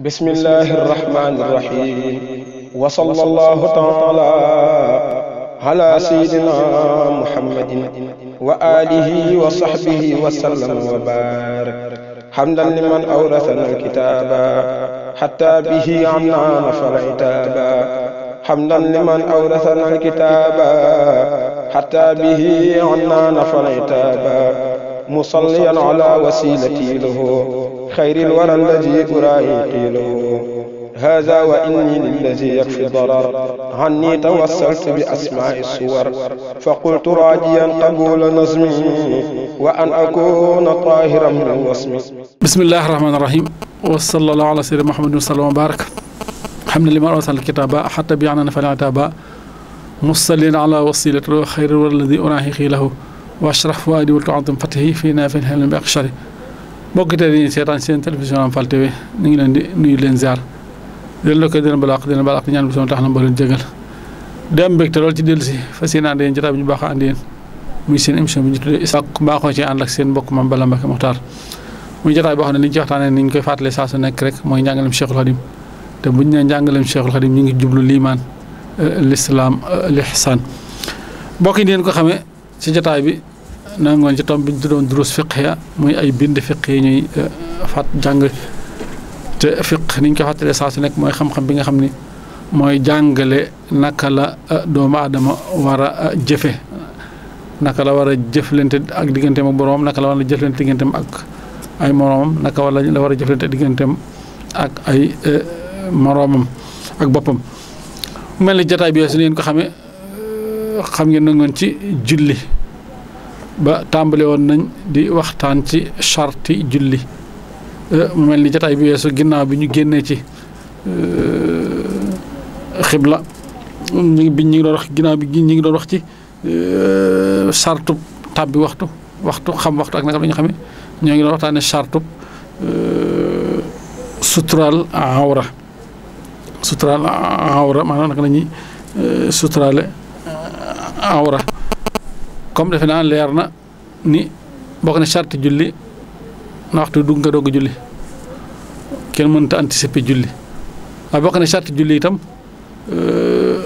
بسم الله الرحمن الرحيم وصلى الله تعالى على سيدنا محمد وآله وصحبه وسلم وبارك حمدا لمن أورثنا الكتاب حتى به عنا نفر عتابا حمدا لمن أورثنا الكتاب حتى به عنا نفر عتابا مصليا على وسيلتي له خير الورى الذي أرائي قيله هذا وإني للذي يكفي ضرر عني توسلت بأسماء الصور فقلت راجيا قبول نظمي وأن أكون طاهرا من وصمي بسم الله الرحمن الرحيم وصلى الله على سيدنا محمد صلى الله وبارك الحمد لله أرسل الكتاب حتى بيعنا نفعل عتابا مصلين على وصيلة خير الذي أراهي خيله وأشرح فؤادي وتعظم فتحه في الهلم بأقشره mbokk te ni setan sen television am Fall TV ngi len di nuy len ziar di lo ko den leen den di di ñaan bu son tax na ba leen jégal dem bek te lol ci delsi fasina fas yéene ànd ñu baax andi ànd yéen muy seen émission bi ñu tuddee Histoire baaxoo ci ànd ak seen mbokk Mame Balla Mbacké Mokhtar muy jotaay boo xam ne ci waxtane ni ngi koy fàttalee sa su nek rek moy njàngaleem Cheikhul Khadim te bu ñu nee Cheikhul Khadim ñi ngi jublu liman eh, l'islam eh, l'ihsan mbokk yi ko ci bi nangoon ci tom bi ñu doon durus fiq ya muy ay bind fiq yi ñuy eh, fat jàng te fiq niñ ko fàttalee saa su nekk mooy xam bi nga xam ni mooy jàngale naka la eh, doomu aadama war a eh, jëfe naka la war a jëflante ak digganteem ak boroomam naka la war a jëflante digganteem ak ay moroomam naka wala la war a jëflante digganteem ak ay moroomam ak boppam mel ni jataay bi su ngeen ko xamee xam ngeen nangoon ci julli ba tambale won nañ di waxtaan ci charti julli eh, mu mel ni jataay bi yeesu ginnaw bi ñu génnee ci eh, xibla ñu bi ñu ngi doon wax ginnaw bi ñi ngi do wax ci chartu eh, tabbi waxtu waxtu xam waxtu ak nga la ñoo ngi do waxtane chartu sutural awra sutural awra manana euh sutural awra comme defe naa leer na ni bokk na charte julli na waxtu du nga doog a julli kenn mënta anticiper julli a bokk na charte julli itam euh,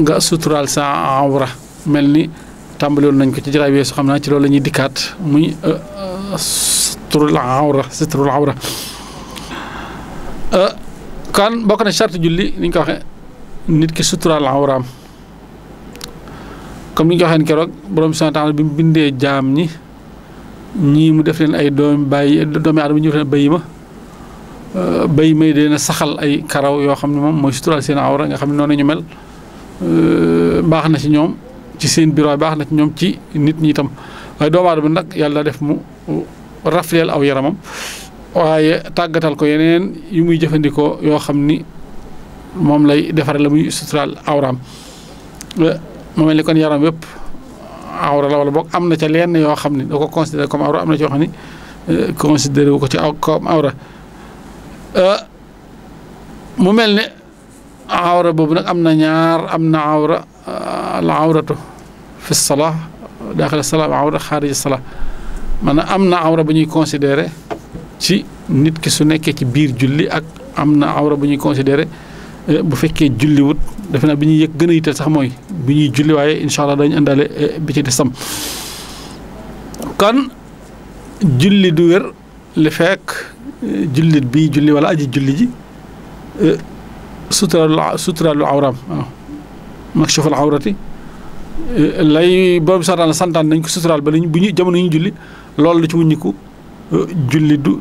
nga sutural sa awra mel ni tàmbali woon nañ ko ci jaraay weesu xam naa ci loolu la ñuy dikkaat muy euh, sutural awra sutural awra euh, kan bokk na charte julli ni nga ko waxee nit ki sutural awraam comme ni ñu ko waxee keroog borom subhaanahu bi mu bindee jaam ñi ñii mu def leen ay doom bàyyi doomi aadama ñu def leen ma euh, bay may dina saxal ay karaw yoo xam ne moom mooy sutural seen awra xam ne noonu ñu euh, baax na ci ñoom ci seen biir baax na ci ñoom ci nit ñi itam waaye doomu aadama nag yàlla def mu rafleel aw yaramam waaye tàggatal ko yeneen yu muy jëfandikoo yoo xam ni moom lay defaree la muy sutural awraam euh, mu mel ni kon yaram yëpp awra la wala am na ca lenn yoo xam ne da ko considéré comme awra am na ci yoo euh, wu ko ci aw comme awra euh, mu mel ne awra boobu nag am na ñaar am na awra euh, al awratu fi salaa daaxil salaa awra xaarij salaa maanaam am na awra bu ñuy considéré ci nit ki su nekkee ci biir julli ak am na awra bu ñuy considéré Eh, bu fekkee julliwut defe naa bi ñuy yëg gën a yitteel sax mooy bi ñuy julli waaye incha allah dañu indaale eh, bi ci desam kon julli du wér li fekk eh, jullit bi julli wala aji julli ji suturalu suturalu awraam waaw makshufal awrati lay boobu sax daal santaan nañ ko suturaal ba lañ bu ñu jamono ñu julli loolu la ci wuññiku julli du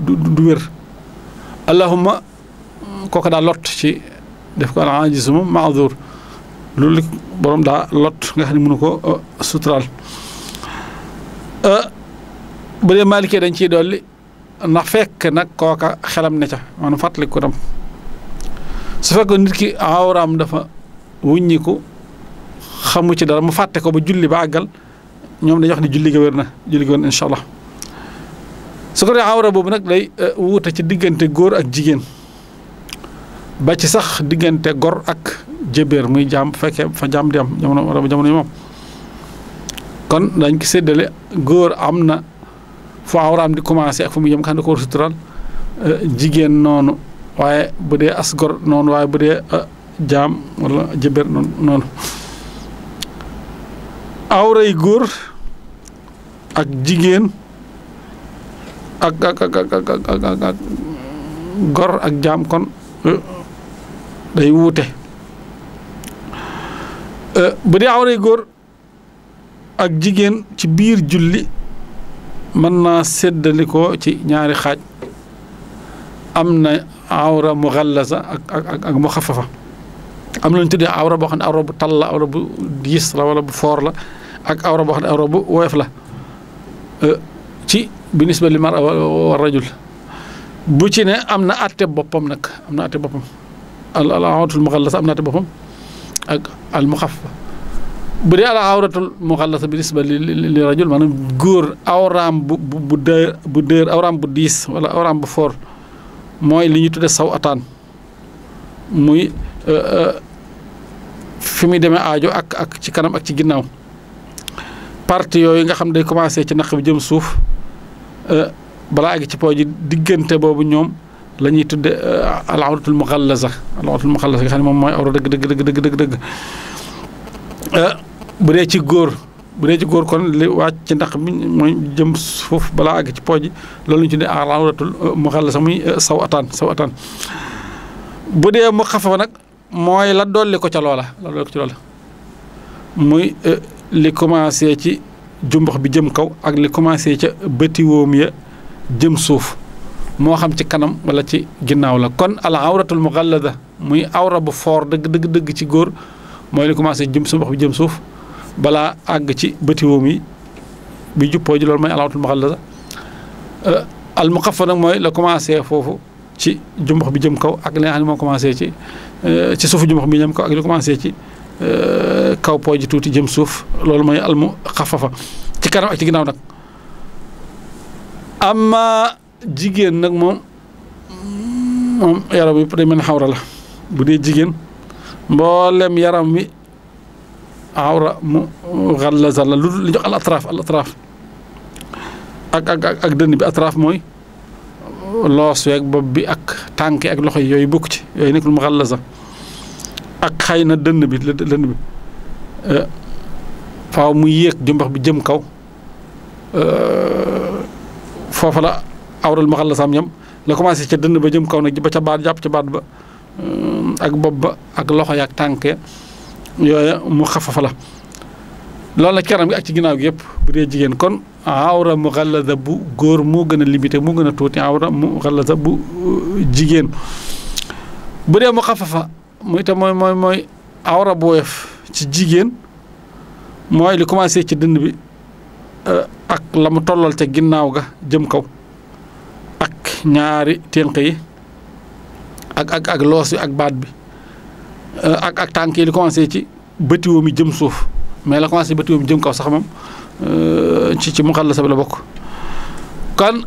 wér allahumma kooku daal lot ci. def ko al ajiz moom maadhur loolu li borom daa lot nga xam ne mënu ko uh, suturaal uh, bu dee maalikee dañ ciy dolli ndax fekk nag kooka xelam ne ca maanaam ko tam su nit ki awraam dafa wuññiku xamu ci dara mu fàtte ko ba julli ba àggal ñoom dañuy xam ni julli ga wér na julli ga wér na incha su ko dee awra boobu nag day uh, wuute ci diggante góor ak jigéen. ba ci sax diggante gor ak jébéer muy jaam fekkee fa jaam di am jamono jamono yi moom kon dañ ko séddale góor am na fu awraam di commencé ak fu mu yem nga xam ne ko war sutural jigéen noonu waaye bu dee as gor noonu waaye bu dee jaam wala jébéer noonu awray góor ak jigéen ak ak ak ak ak gor ak jaam kon day wuute euh, bu dee awray góor ak jigéen ci biir julli mën naa séddalikoo ci ñaari xaaj am na awra mu xallasa ak ak ak mu xafafa am na lu ñu tuddee awra boo xam ne awra bu tal la awra bu diis la wala bu foor la ak awra boo xam awra bu woyof la euh, ci binisba li mar war rajul bu ci ne am na atte boppam nag am na atte boppam al al awratul muxallasa am naa te boppam ak al muxaffa bu dee al awratul muxallasa bi nisba li li rajul maanaam góor awraam bu bu bu dër bu dër awraam bu diis wala awraam bu foor mooy li ñu tuddee saw ataan muy euh, euh, fi muy demee aajo ak ak ci kanam ak ci ginnaaw parti yooyu nga xam day commencé ci naq bi jëm suuf euh, balaa àgg ci poo diggante boobu ñoom. la ñuy tudde euh, al awratul muxallasa al awratul muxallasa nga xam ne moom mooy awra dëgg dëgg dëgg dëgg euh, bu dee ci góor bu ci góor kon li wàcc ci ndax bi mooy jëm suuf balaa àgg ci pooj loolu ñu tuddee al awratul euh, muxallasa muy saw ataan saw ataan bu dee mu xafa nag mooy la dolli ko ca loola la dolli muy li commencé ci jumbax bi jëm kaw ak li commencé ca bëti wóom ya jëm suuf mo xam ci kanam wala ci ginnaaw la kon al awratul mughallada muy awra bu for deug deug deug ci góor moy li commencé jëm sa bopp bi jëm suuf bala ag ci bëti wóom yi bi juppo ji lol moy al awratul mughallada al muqaffa nag mooy la commencé fofu ci jumbax bi jëm kaw ak li mo commencé ci ci suufu jumbax bi ñam kaw ak li commencé ci kaw poo ji tuuti jëm suuf lol moy al muqaffafa ci karam ak ci ginnaw nak amma jigéen nag moom moom yaram wi day xawra la bu dee jigéen mboolem yaram wi xawra mu xallasa la lu jox al atraaf al atraaf ak ak ak dënn bi atraaf mooy loos weeg bopp bi ak tànk ak loxo yi yooyu bokk ci yooyu nekkul mu xallasa ak xay na dënn bi dënn bi faaw mu yéeg jumbax bi jëm kaw foofa awral ma xal la la commencé ca dënn ba jëm kaw nag ba ca jàpp ca baat ba mm, ak bopp ba ak loxo ya ak tànk ya yooya mu xafafa la loolu la kanam gi ak ci ginnaaw gi yëpp bu dee jigéen kon awra mu xalaza bu góor moo gën a limité moo gën a tuuti mu xalaza bu uh, jigéen bu mu xafafa muy te mooy mooy awra bu ci jigéen mooy li commencé ci dënn bi uh, ak la mu tollal ca ginnaaw ga jëm kaw ñaari ténq yi ak ak ak loos bi ak baat bi euh, ak ak tànk yi li ci bëtiwoo mi jëm suuf mais la commencé bëtiwoo mi jëm kaw sax moom euh, ci ci mu xal la sab la bokk kon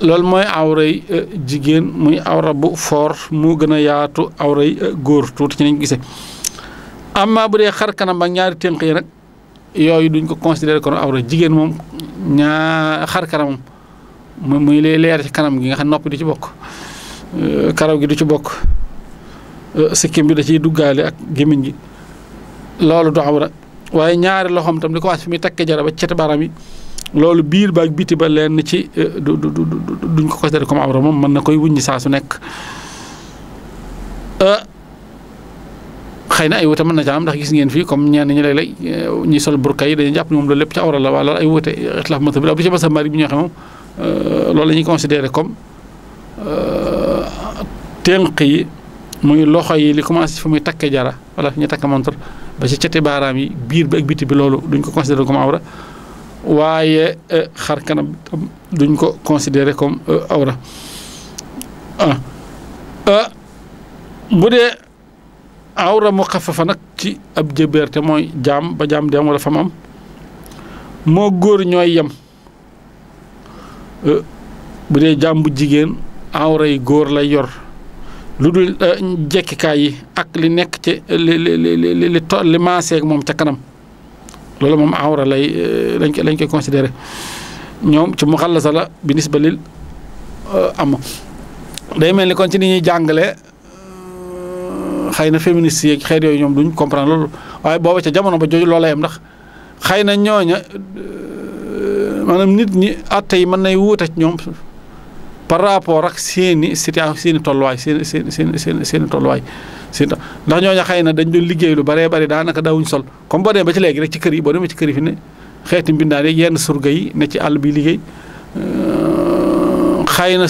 loolu mooy awray euh, jigéen muy awra bu foor mu gën a yaatu awray góor tuuti ci nañ gisee amma bu dee xar kanam ak ñaari ténq yi nag yooyu duñ ko considéré kon awra jigéen moom ñaa xar kanamam muy lay leer ci kanam gi nga xam nopp di ci bokk euh, karaw gi du ci bokk euh, sikkim bi da ciy duggaale ak gémmiñ gi loolu du awra waaye ñaari loxom tam li ko fi muy takke jara ba cete baram yi loolu biir ba ak biti ba lenn ci euh, du du duñ ko considéré comme awra moom mën na koy wuññi saa su nekk xëy na ay wute mën na ndax gis ngeen fii comme ñenn ñi lay lay ñi sol burka yi jàpp ci awra la ay wute bi bu ci bi ñu xam Euh, loolu la ñuy considéré comme euh, tënk yi muy loxo yi li commencé fi muy takkee jara wala fi ñuy takk montre ba ci cati baaraam yi biir bi ak biti bi loolu duñ ko considéré comme awra waaye euh, xar kanam duñ ko considéré comme awra ah. bu dee awra mu xafafa nag ci ab jëbeerte mooy jaam ba jaam dem wala fam am moo góor ñooy yem Euh, bu dee jàmbu jigéen awra yi góor lay yor lu dul euh, jekkikaay yi ak li nekk ci li li li to li maaseeg moom ca kanam loolu moom awra lay euh, lañ koy lañ koy considéré ñoom ci mu xallasa la bi nisba lil am day mel ni kon ci ni ñuy jàngalee xëy na féministes yeeg xeet yooyu ñoom duñ comprendre loolu waaye booba ca jamono ba jooju loola yam ndax xëy na ñooña maanaam nit ñi atte yi mën nay ak ñoom par rapport ak seeni situation seeni tolluwaay seen seen seen seen seeni tolluwaay seen ndax ñooñu xëy na dañ doon liggéey lu baree bari daanaka dawuñ sol comme boo demee ci léegi rek ci kër yi boo demee ci kër yi fi ne xeeti mbindaan ne ci àll bi liggéey euh, xëy na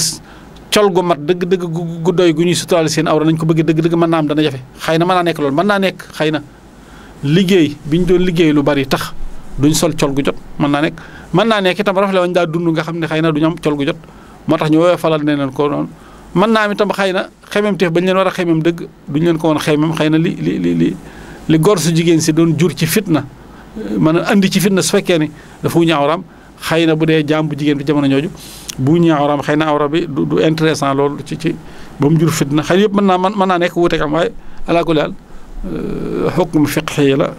col gu mat dëgg dëgg gu doy gu ñuy suturaale seen awra nañ ko bëgg dëgg dëgg mën naa dana jafe xëy na mën naa nekk loolu mën nekk xëy na liggéey bi ñu doon liggéey lu bari tax duñ sol col gu jot mën naa nekk mën naa nekk itam rafle wañ daa dund nga xam ne xëy na du ñu am col gu jot moo tax ñu woowee falal ne leen ko noonu mën naa am itam xëy na xemem teef bañ leen war a xemem dëgg duñ leen ko woon xemem xëy na li li li li jigéen si doon jur ci fitna mën a andi ci fitna su fekkee ni dafa wuñu awraam xëy na bu dee jaam bu jigéen bi jamono ñooju bu wuñu awraam xëy na awra bi du intéressant loolu ci ci ba jur fitna xëy na yëpp mën naa mën naa nekk wuute am waaye alaa kulli haal xukm euh, fiqhi la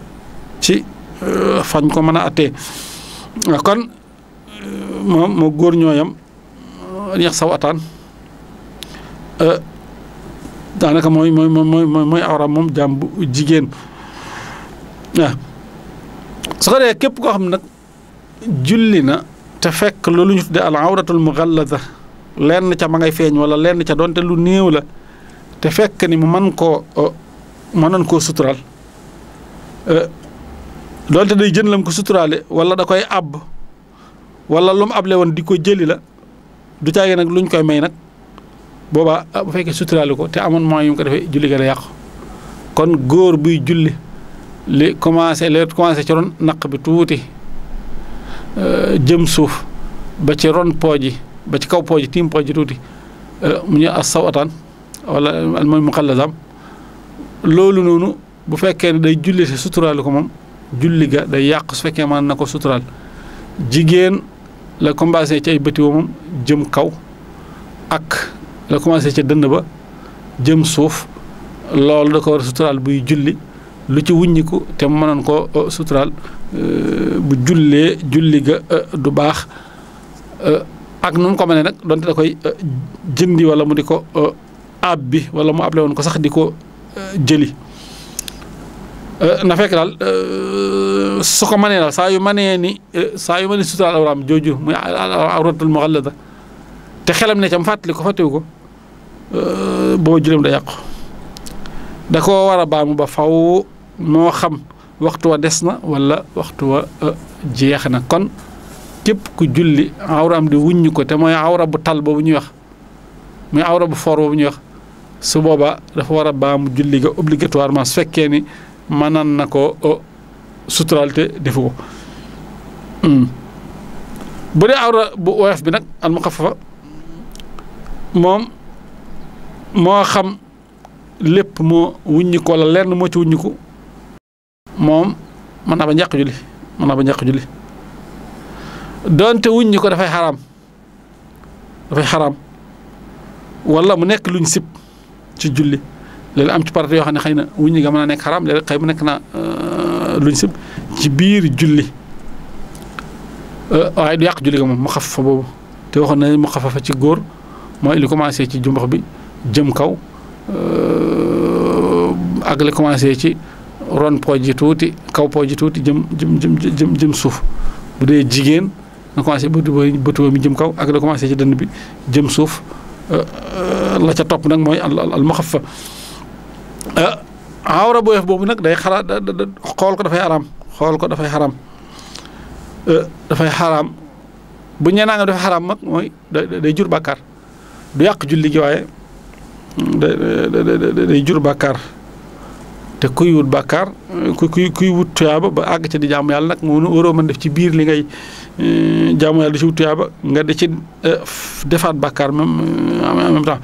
ci euh, fañ ko mën a attee Ah, kon moom moo góor ñooyam yeex saw ataan euh, daanaka mooy mooy mooy mooy awra moom jàmb jigéen waaw ah. su ko dee képp koo xam ne nag julli na te fekk loolu ñu tuddee al awratul mughallada lenn ca ma ngay feeñ wala lenn ca doonte lu néew la te fekk ni mu man koo euh, mënoon koo sutural euh, te day jën lam ko suturaale wala da koy àbb wala lu able woon di ko jëli la du caage nag luñ koy may nag boobaa ah, bu fekkee suturaale ko te amoon moyen yu mu ko defee julli ga la yàqu kon góor buy julli li commencé li commencé ci ron naq bi tuuti euh, jëm suuf ba ci ron pooj ba ci kaw pooj yi tiim pooj tuuti euh, mu ñu as saw ataan wala mooy mu loolu noonu bu fekkee ne day julli si suturaale ko moom julli ga day yàq su fekkee man na ko suturaal jigéen la commencé ci ay bëti moom jëm kaw ak la commencé ca dënn ba jëm suuf loolu da ko war a suturaal buy julli lu ci wuññiku te mu mënoon ko uh, suturaal uh, bu jullee julli ga uh, du baax ak nu mu ko mënee nag donte da koy jëndi wala mu di ko bi wala mu àble woon ko sax di ko jëli Euh, na fekk daal euh, su ko mënee daal saa yu mënee ni euh, saa yu mënee suturaal awraam jooju muy awratul muxallada te xelam ne ca mu fàttali ko fàttewu ko boo julleem da yàqu da war a baamu ba faw moo xam waxtu wa des na wala waxtu wa jeex na kon képp ku julli awraam di wuññu ko te mooy awra bu tal boobu ñuy wax muy awra bu for boobu ñuy wax su booba dafa war a baamu julli ga obligatoirement su fekkee ni mënaan na ko uh, suturaal te defu ko hmm. bu de awra bu woyof bi nag al muxaffafa moom moo xam lépp moo wuññiku wala na moo ci wuññiku moom mën naa ba njàq julli mën naa ba njàq julli doonte wuññi ko dafay xaraam dafay xaraam wala mu nekk luñ sib ci julli léeg am ci parti yoo xam ne xëy na wuññi nga mën a nekk xaraam léeg xëy mu nekk naa euh, luñ sib ci biir julli euh, waaye du yàq julli ga moom mu xafafa boobu te waxoon na mu xafa fa ci góor mooy li commencé ci jumbax bi jëm kaw euh, ak ci ron ji tuuti kaw ji tuuti jëm jëm jëm suuf bu dee jigéen nga commencé bëtu bëtu mi jëm kaw ak ci dënn bi jëm suuf la ca topp nag mooy al al maxafa Euh, awra booyeef boobu nag day xalaat xool ko dafay xaraam xool ko dafay xaram dafay xaraam euh, bu ñu nee naa dafay xaraam mag mooy day jur bàkkaar du yàq julli gi waaye day jur bàkkaar te kuy wut bàkkaar ku kuy kuy wut tuyaaba ba àgg ca di jaamu yàlla nag moom waroo mën def ci biir li ngay euh, jaamu yàlla di ci defaat bàkkaar même en même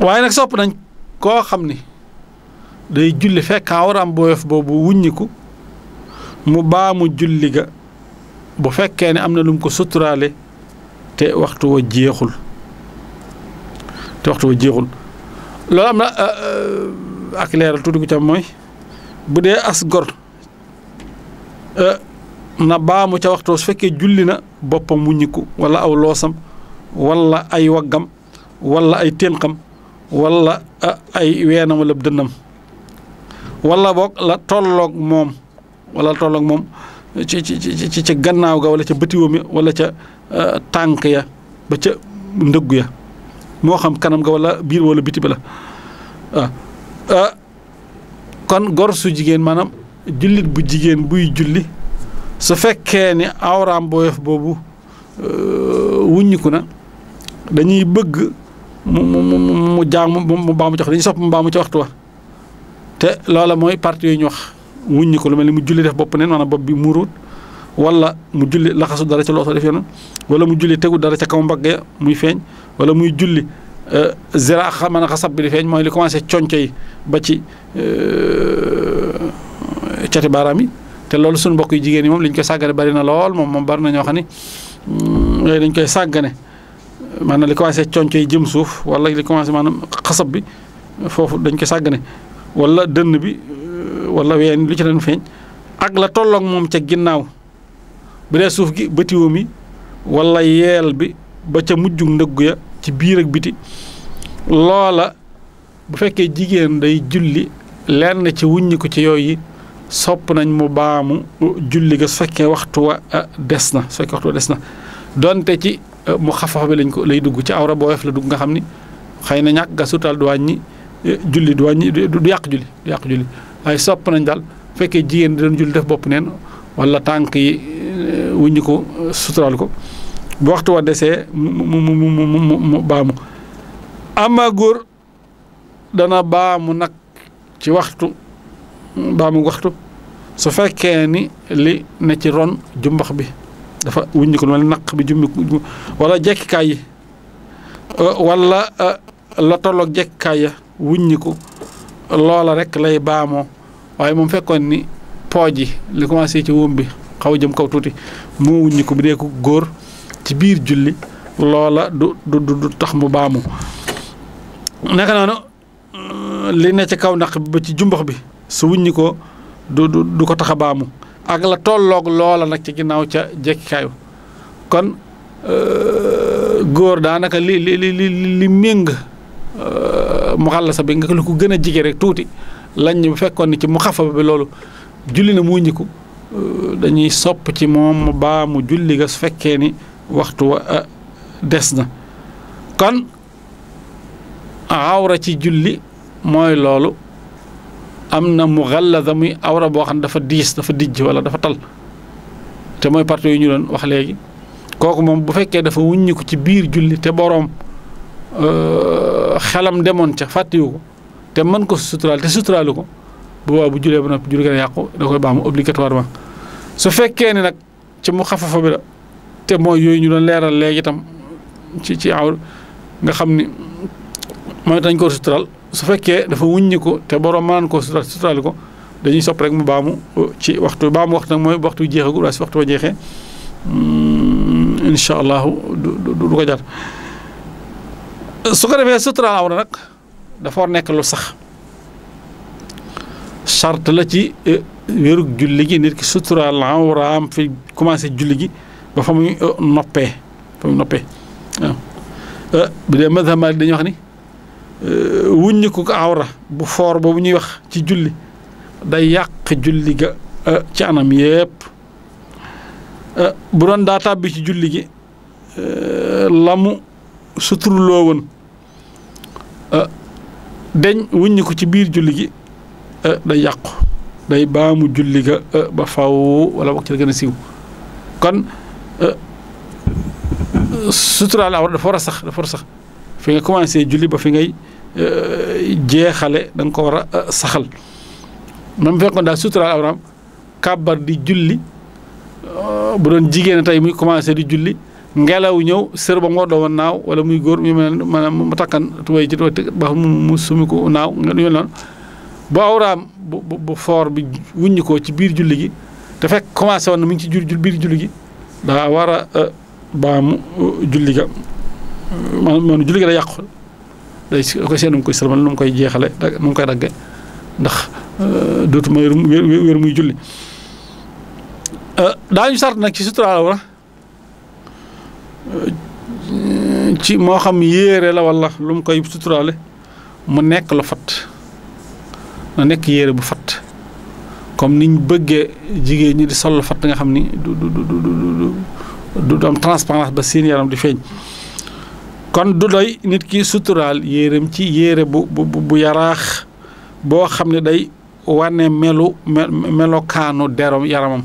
waaye nag sopp nañ. koo xam ni day julli fekk awraam bu woyof boobu wuññiku mu baamu julli ga bu fekkee ne am na lu ko suturaale te waxtu wa jeexul te waxtu wa jeexul loolu am na euh, euh, ak leeral tuuti gu ca mooy bu dee as gor euh, na baamu ca waxtu su fekkee julli na boppam wuññiku wala aw loosam wala ay waggam wala ay ténqam wala Ah, ay weenam wala dënnam wala boog la tolloog moom wala tolloog moom ci ci ci gannaaw ga wala ca bëtiwam ya wala ca ah, tànk ya ba ca ndëggu ya moo xam kanam ga wala biir wala biti ba la ah, kon gor jigéen maanaam jullit bu jigéen buy julli su fekkee ni awraam boobu euh, wuññiku na dañuy bëgg mu mu mu mu jaam mu mu baamu jox dañuy mu baamu ci waxtu wa te loola mooy parti yooyu ñu wax ni ko lu mel ni mu julli def bopp neen maanaam bopp bi muuruut wala mu julli laxasu dara ca loosoo def yoonam wala mu julli tegu dara ca kaw mbagg ya muy feeñ wala muy julli zira mën a xasab bi feeñ mooy li commencé conco yi ba ci euh, cati baaraam yi te loolu suñu mbokk yu jigéen yi moom lañ koy sàggane bari na lool moom moom bari na ñoo xam ne mm, yooyu dañ koy sàggane maanaam li commencé conco yi jëm suuf wala li commencé maanaam xasab bi foofu dañ ko sàggane walla dënn bi euh, walla ween lu ci leen feeñ ak la tolloog moom ca ginnaaw bu dee suuf gi bëtiwam mi walla yeel bi ba ca mujjug ndëggu ya ci biir ak biti loola bu fekkee jigéen day julli lenn ci wuññiku ci yooyu sopp nañ mu baamu euh, julli ga su fekkee waxtu wa euh, des na su fekkee waxtu wa des na donte ci Eh, mu xafax bi lañ ko lay dugg ci awra boyef la dugg nga xamni xeyna ñak na ñàkk gasutaal du eh, julli du wàññi du yaq julli du yaq julli ay sop nañ dal fekke jigen di doon julli def bop neen wala tank yi eh, wuñu ko suturaal ko bu waxtu wa desee mu mu mu mu baamu amma gor dana baamu nak ci waxtu baamu waxtu su fekke ni li ne ci ron jumbax bi dafa wuññi ko mel naq bi jummi wala jekkikaay yi euh, wala euh, la jekkikaay ya wuññi loola rek lay baamoo waaye moom fekkoon ni pooj yi li commencé ci wóom bi xaw jëm kaw tuuti moo wuññi ko bu dee ko góor ci biir julli loola du du du tax mu baamu naka noonu euh, li ne ci kaw naq bi ba ci jumbax bi su wuññi du du ko tax a baamu ak la tolloog loola nag ci ginnaaw ca jekkikaayu kon euh, góor daanaka li li li li méng euh, mu xallasa bi nga lu ko gën a jige tuuti lañ bu fekkoon ni ci mu xafa bi loolu julli na mu ñiku euh, dañuy sopp ci moom baa mu julli ga su fekkee ni waxtu wa des na kon awra ci julli mooy loolu amna na mu muy awra bo xam dafa dis dafa dij wala dafa tal te moy parti yu ñu doon wax legi koku mom bu fekke dafa wuññi ko ci biir julli te boroom xelam demoon ca fàttiwu ko te man ko sutural te sutural ko bu wa bu julle bu nopp julle gëna yaqku da koy baamu obligatoirement su fekke ni nak ci mu xafafa bi la te moy yoy ñu doon leral legi tam ci ci awr nga xamni moy mooy dañ ko sutural su fekkee dafa wuññi ko te borom maan ko sutura suturaal ko dañuy sopp rek mu baamu ci waxtu baamu waxtu nag mooy waxtu jeexagul waaye su waxtu ba jeexee mm, incha allahu ko jaar su ko defee suturaal awra dafa war nekk lu sax charte la ci e, wérug julli gi nit ki suturaal awraam fi commencé julli gi ba fa mu e, noppee fa muy noppee e, bu dee mazhab Maalik dañuy wax ni. Euh, wuññi ko awra bu foor ba bu ñuy wax ci julli day yàq julli ga euh, ci anam yépp euh, bu doon daa tàbbi ci julli gi lamu suturloo woon deñ wuññi ci biir julli gi day yàqu day baamu julli ga ba faw wala wax ci la gën siiw kon suturaal awra dafa war a sax dafa war a sax fi nga commencé julli ba fi ngay euh, jeexale da nga ko war a euh, saxal même fekkoon daal suturaal awraam kàbbar di julli euh, bu doon jigéen tey muy commencé di julli ngelaw ñëw sër ba mu war naaw wala muy góor mu mel maanaam ma takkan tubay ci tubay ba mu sumi ko naaw nga ñu noonu bu awraam bu bu foor bi wuññi ko ci biir julli gi te fekk commencé woon na mu ngi ci biir julli gi daa war a baamu julli ga man maanaam julli gëna yaq day ko seen nu mu koy sërmal nu mu koy jeexale mu koy dagge ndax euh, dootuma wér wër muy julli euh, dañu sart nak ci suturaal wala euh, ci mo xam yéré la wala lu mu koy suturalé mu nekk lu fat na nekk yéré bu fat comme niñ bëggé jigéen ñi di sol fat nga xam ni du du du du du am du du du du di du kon du doy nit ki suturaal yéeram ci yéere bu bu bu yaraax boo xam ne day wane melu melokaanu derom yaramam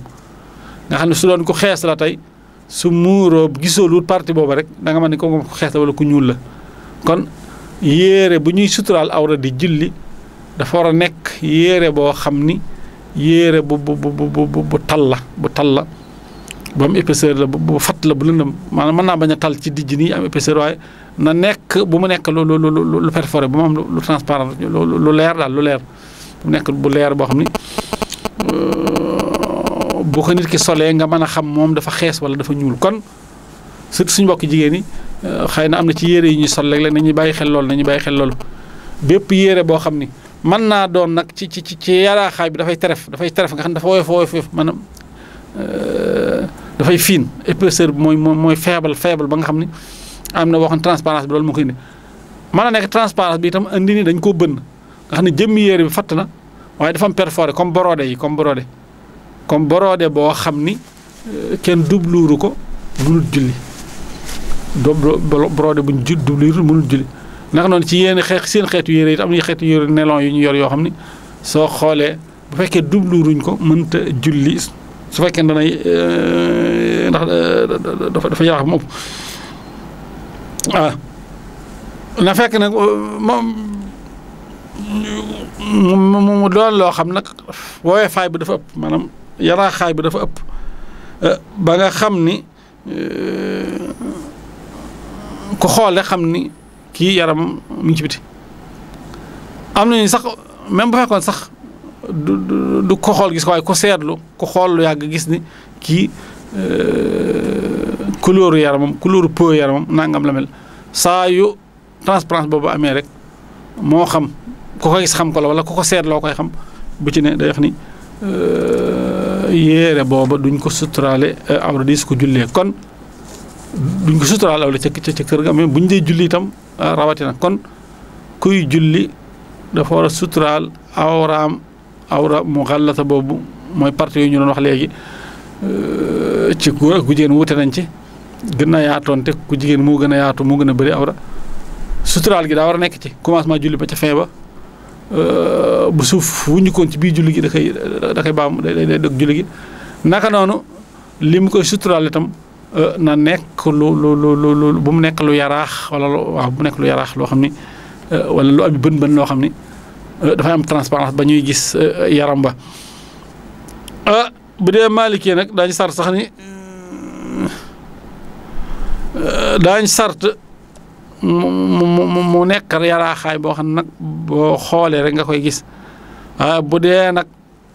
nga xam ne su doon ko xees la tey su muuroo gisoolul parti boobu rek danga ma ne ko ku xees la wala ku ñuul la kon yéere bu ñuy suturaal awra di julli dafa war a nekk yéere boo xam ni yéere bu bu bu bu bu tal la tal la bu am épaisseur la bu fat la bu lëndëm maanaam mën naa bañ a tal ci dijj nii am épaisseur waaye na nekk bu mu nekk lu lu lu lu perforé bu mu lu lu leer daal lu leer bu nekk bu leer boo xam ni euh, bu ko nit ki solee nga mën a xam moom dafa xees wala dafa ñuul kon surtout suñ mbokk jigéen yi euh, xëy na am na ci yére yi ñuy sol léeg-léeg nañuy bàyyi xel loolu nañuy bàyyi xel loolu bépp yére boo xam ni mën naa doon nag ci ci ci yaraaxaay bi dafay teref dafay teref nga xam ne dafa woyof woyof maanaam euh, dafay fiin épaisseur bi mooy mooy feebal feebal ba nga xam ne am na waxoon transparence bi loolu moo koy indi mën na nekk transparence bi itam indi ni dañ koo bënn nga xam ne jëmm yére bi fatt na waaye dafa am perforé comme borode yi comme borode comme borode boo xam ni euh, kenn dubluuru ko mënul julli do borode buñ ju dubluuru mënul julli naka noonu ci yenn xeet seen xeetu yére yi am na xeetu yére nelon yu ñu yor yoo xam ni soo xoolee bu fekkee dubluuruñ ko mënta julli su fekkee danay euh, ndax eh, dafa dafa yaakaar moom ah, na fekk nag eh, moom mu mu doon loo xam nag woowee faay bi dafa ëpp maanaam yaraaxaay bi dafa ëpp eh, ba nga xam ni ko xoole xam ni kii yaram mi ngi ci biti am nañu sax même bu fekkoon sax du du ko xool gis ko waaye ku seetlu ku xool lu yàgg gis ni kii. Euh, couleur yaramam couleur peau yaramam nangam la mel saa transparence boobu amee rek moo xam ku ko gis xam ko la wala ku ko seetloo koy xam bu ci ne day wax ni euh, yéere duñ ko suturaale euh, awra diis ko jullee kon duñ ko suturaale ca ca kër ga mais buñ dee julli itam rawatina kon kuy julli dafa war a suturaal awraam awra mu xàllata boobu mooy parti yooyu ñu doon wax léegi. Euh, ci góor ak ku jigéen wuute nañ ci gën a yaatoon te ku jigéen moo gën a yaatu moo gën a bëri awra suturaal gi daa war a nekk ci commencement julli ba ca fin ba euh, bu suuf wuññikoon ci biir julli gi da dakay da baam day day dog julli gi naka noonu li mu koy suturaal itam euh, na nekk lu lu lu lu bu mu nekk lu yaraax wala lu waaw bu mu nekk lu yaraax loo xam ni wala lu am bën bën loo xam ni dafay am transparence ba ñuy gis yaram ba bu maliki Malik yi nag euh, daañu sart sax ni dañ sart mu nekk yaraaxaay boo xam ne nag boo xoolee rek nga koy gis waaye bu dee nag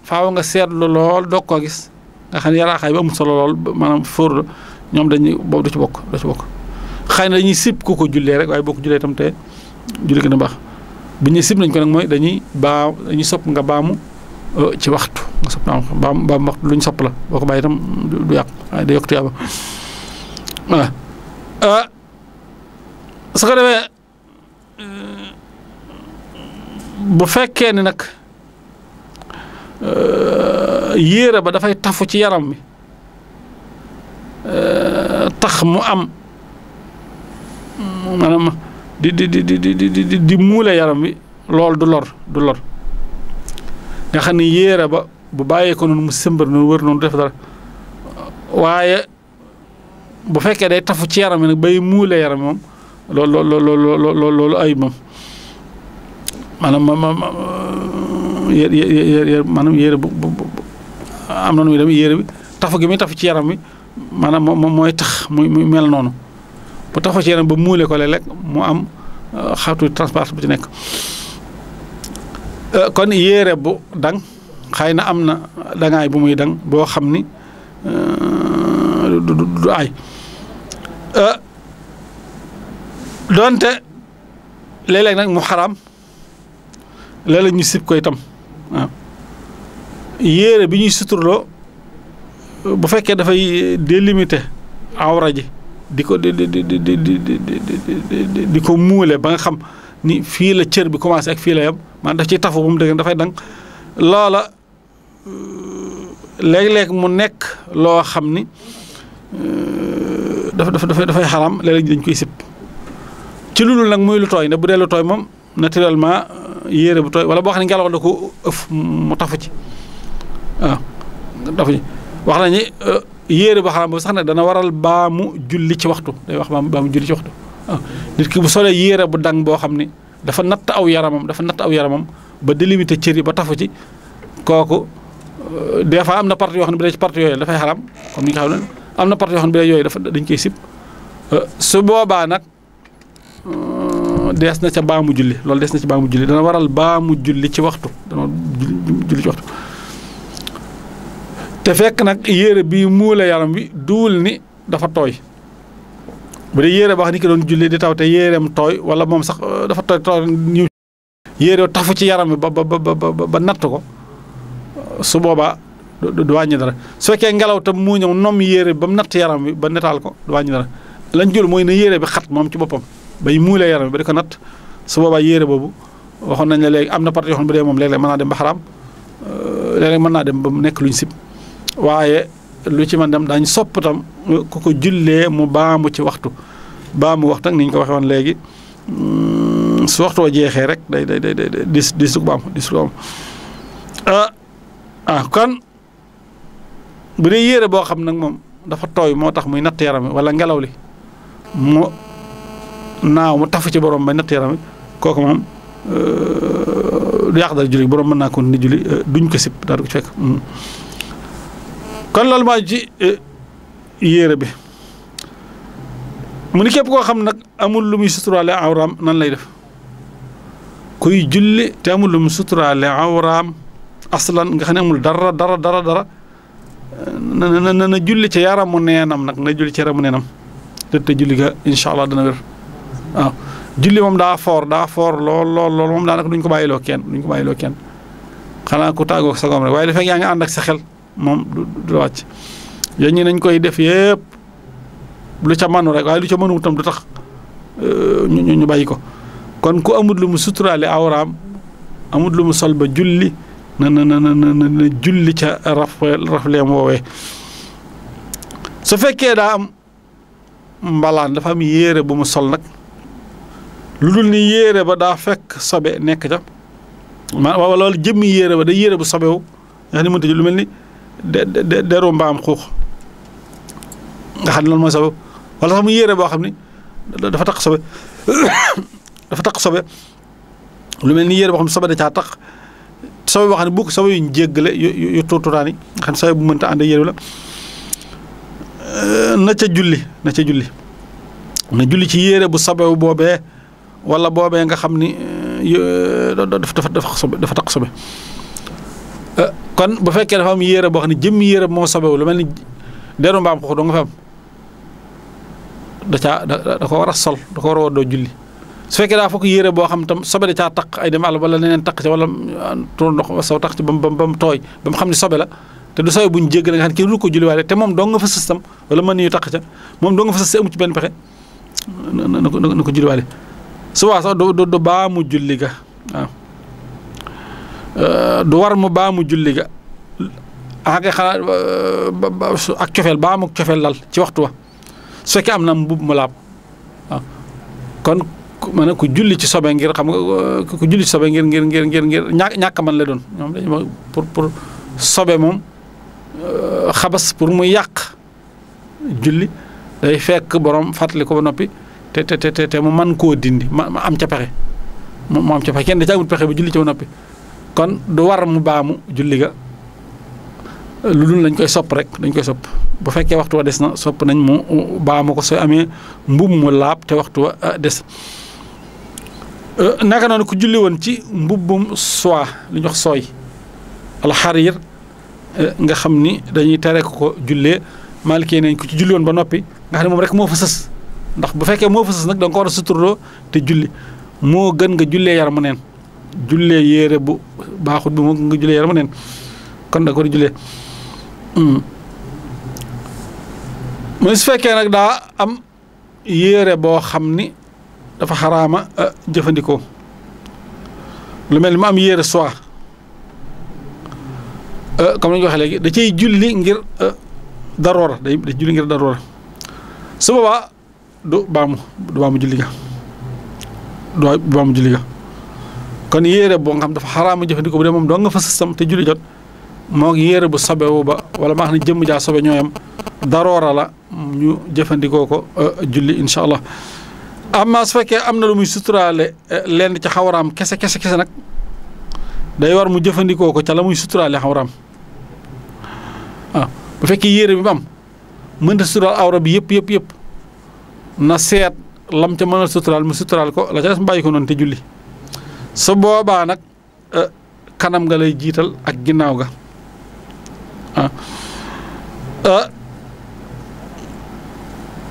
faaw nga seetlu lool doog ko gis nga xam ne yaraaxaay ba mu solo lool maanaam fóor ñoom dañuy boobu du ci bokk du ci bokk xëy na dañuy sib ku ko jullee rek waaye boo ko jullee itam te julli gën a baax bu ñuy sib nañ ko nag mooy dañuy baaw dañuy sopp nga baamu euh, ci waxtu nga sopp ba ba wax luñ la boo ko bàyyi itam du euh, su ko defee euh, bu fekkee ni nag euh, yéere ba dafay tafu ci yaram wi tax mu am maanaam di di di di di di muule yaram wi lool du lor du lor nga xam ni yéere ba bu bàyyee ko noonu mu sëmbar noonu wër noonu def dara waaye bu fekkee day tafu ci yaram yi nag bay muulee yaram moom loolu loolu loolu loolu ay moom maanaam yére bu na nu muy yére bi tafu gi muy tafu ci yaram wi maanaam moom mooy tax muy muy mel noonu bu tafu ci yaram ba muulee ko léeg mu am euh, xaatu transparence bi ci nekk euh, kon yére bu dang xëy na am na dangaay bu muy dang boo xam ni du du ay donte léeg nag mu xaraam léeg ñu sib ko itam waaw bi ñuy suturloo bu fekkee dafay délimité awra ji di ko di di di di di di di ko muule ba nga xam ni fii la cër bi commencé ak fii la yem man daf ciy tafu bu mu dëgg dafay dang loola léeg-léeg mu nekk loo xam ni euh, dafa dafa dafay xaram léeg-léeg dañ koy sib ci loolu nag muy lu tooy ne bu dee lu tooy moom naturellement euh, yére bu tooy wala boo xam ne ngelaw da ko mu tafu ci waaw tafu ci wax euh, yére bu xaram boobu sax nag dana waral baamu julli ci waxtu day wax baamu baamu julli ci waxtu waaw ki bu solee yére bu dang boo xam ni dafa natt aw yaramam dafa natt aw yaramam ba délimité cër yi ba tafu ci kooku des fois am na parti yoo ne bi parti yooyu dafay xaram comme ni nga xam am na parti yoo xam yooyu dafa dañ koy sib euh, su boobaa nag euh, dees na ca baamu julli loolu dees na ca baamu julli dana waral baamu julli ci waxtu julli ci waxtu te fekk nag yére bi muule yaram wi duul ni dafa tooy bu dee yére baax ni ki doon julli di taw te yéreem tooy wala moom sax euh, dafa tooy tooy ñëw yére tafu ci yaram wi ba ba ba ba natt ko su boobaa du wàññi dara su fekkee ngelaw tam mu ñëw nom yére ba mu natt yaram bi ba netaal ko du wàññi dara lañ jul mooy ne yére bi xat moom ci boppam bay muulee yaram bi ba di ko natt su boobaa yére boobu waxoon nañ la léegi am na parti yoo xam bu dee moom léeg-léeg dem ba xaraam euh, mën naa dem ba mu nekk luñ sib waaye lu ci mën dem daañ sopp tam ku ko jullee mu baamu ci waxtu baamu waxtu ak ni ñu ko waxee woon léegi mm, su waxtoo jeexee rek day day day day dis ko baam dis ah kon bu dee yére boo xam nag moom dafa tooy moo tax muy natt yaram wala ngelaw li mu naaw mu tafu ci borom ba natt yaram kooku moom euh, du yàq dara julli borom mën naa ko ni julli euh, duñ ko sipp daal du ko fekk mm. kon loolu maa ci euh, yére bi mu ni képp koo xam nag amul lu muy suturaale awraam nan lay def kuy julli te amul lu muy suturaale awraam aslan nga xane amul dara dara dara dara na na na julli yaram mo neenam nak na julli ci yaramu neenam te te julli ga inshallah allah dana wer waaw julli da for da for lol lol lol mom da nak duñ ko bayilo ken duñ ko bayilo ken xana ko tagok sa gom rek waaye dafa yaa ngi ànd sa xel mom du wacc wàcc yéen ñi nañ koy def yeb lu ca manu rek waye lu ca manu tam du tax euh, ñu ñu bayiko ko kon ku amul lu mu suturaale awram amul lu mu sol julli na na na na na julli ca raf rafleem woowee su fekkee daa am mbalaan dafa am yéere bu mu sol nag lu dul ni yéere ba daa fekk sobe nekk ca ma wala wala jëmmi yéere ba da yéere bu sobewu nga xam ne mënta ju lu mel ni de de deru mbaam xuux nga xam ne loolu mooy sobe wala sax mu yéere boo xam ni dafa taq sobe dafa taq sobe lu mel ni yéere boo xam ne sobe da caa taq saw wax ne bokk saw yu jéggalé yu yu xam saw bu mënta ànd yeewu la euh, na ca julli na ca julli na julli ci yéré bu sabew bobé wala bobé nga xamni euh, euh, dafa dafa dafa xobé dafa taq xobé kon bu fekkee dafa am yéré bo xamni jëm yéré mo sabé lu melni ni deru mbaam xux do nga fam da ca da ko wara sol da ko wara do julli su fekkee daa fokk yére boo xam tam sobe da caa taq ay dem àll wala leneen taq ca wala ah, tuur ndox saw taq ci ba mu ba mu tooy ba mu xam ne sobe la te du sobe bu ñu jégg la nga xam ne kii du ko julliwaale te moom dong nga fa sës tam wala mën nañu moom dong fa sës te amu ci benn pexe na ko na ko su waa sax du du baa mu julli ga ah, du war mu baa mu julli ga ah ak cofeel baa mu cofeel lal ci waxtu wa su fekkee am na mbubb mu laab waaw kon. mana ku julli ci sobe ngir xam nga ku julli sobe ngir ngir ngir ngir ngir ñak man la doon ñom dañu pour pour sobe mom euh, xabas pour mu yaq julli day fekk borom fatali ko nopi te te te te mu man ko dindi ma am ci pexé mu am ci pexé kenn da ca amut julli ci nopi kon du war mu baamu julli ga lu dul lañ koy sop rek dañ koy sop bu fekke waxtu wa des na sop nañ mu baamu ko so amé mbum mu lap te waxtu wa ah, des Euh, naka noonu ku julli woon ci mbubbum soie lu ñuy wax sooy alxariir euh, nga xam ni dañuy tere ko jullee maalikee nañ ko ci julli woon ba noppi nga xam ne moom rek moo fa sës ndax bu fekkee moo fa nag da nga ko war a suturloo te julli moo gën nga jullee yaramu neen jullee yére bu baaxut bi moo gën nga jullee yaramu neen kon da ko war jullee mu hmm. su fekkee nag daa am yére boo xam ni dafa xaraama euh, jëfandikoo lu mel ni mu am yére soie euh, comme ni ñu waxee léegi da ciy julli ngir euh, daroora day da julli ngir daroora su boobaa du baamu du baamu julli ga du baamu julli ga kon yére boo nga xam dafa xaraama jëfandikoo bu dee moom doo nga fa sëstam te julli jot moo ngi yére bu sobewu ba wala maa xam ne jëmm jaa sobe ñooyam daroora la ñu jëfandikoo ko julli incha allah amma su fekkee am na lu muy suturaale eh, lenn ci xawraam kese kese kese nag day war mu jëfandikoo ko ca la muy suturaale xawaraam ah, bu fekkee yére bi mu am mënta suturaal awra bi yëpp yëpp yëpp na seet lam ca mën a suturaal mu suturaal ko la ca des mu ko noonu te julli su boobaa nag eh, kanam nga lay jiital ak ginnaaw ga ah, eh,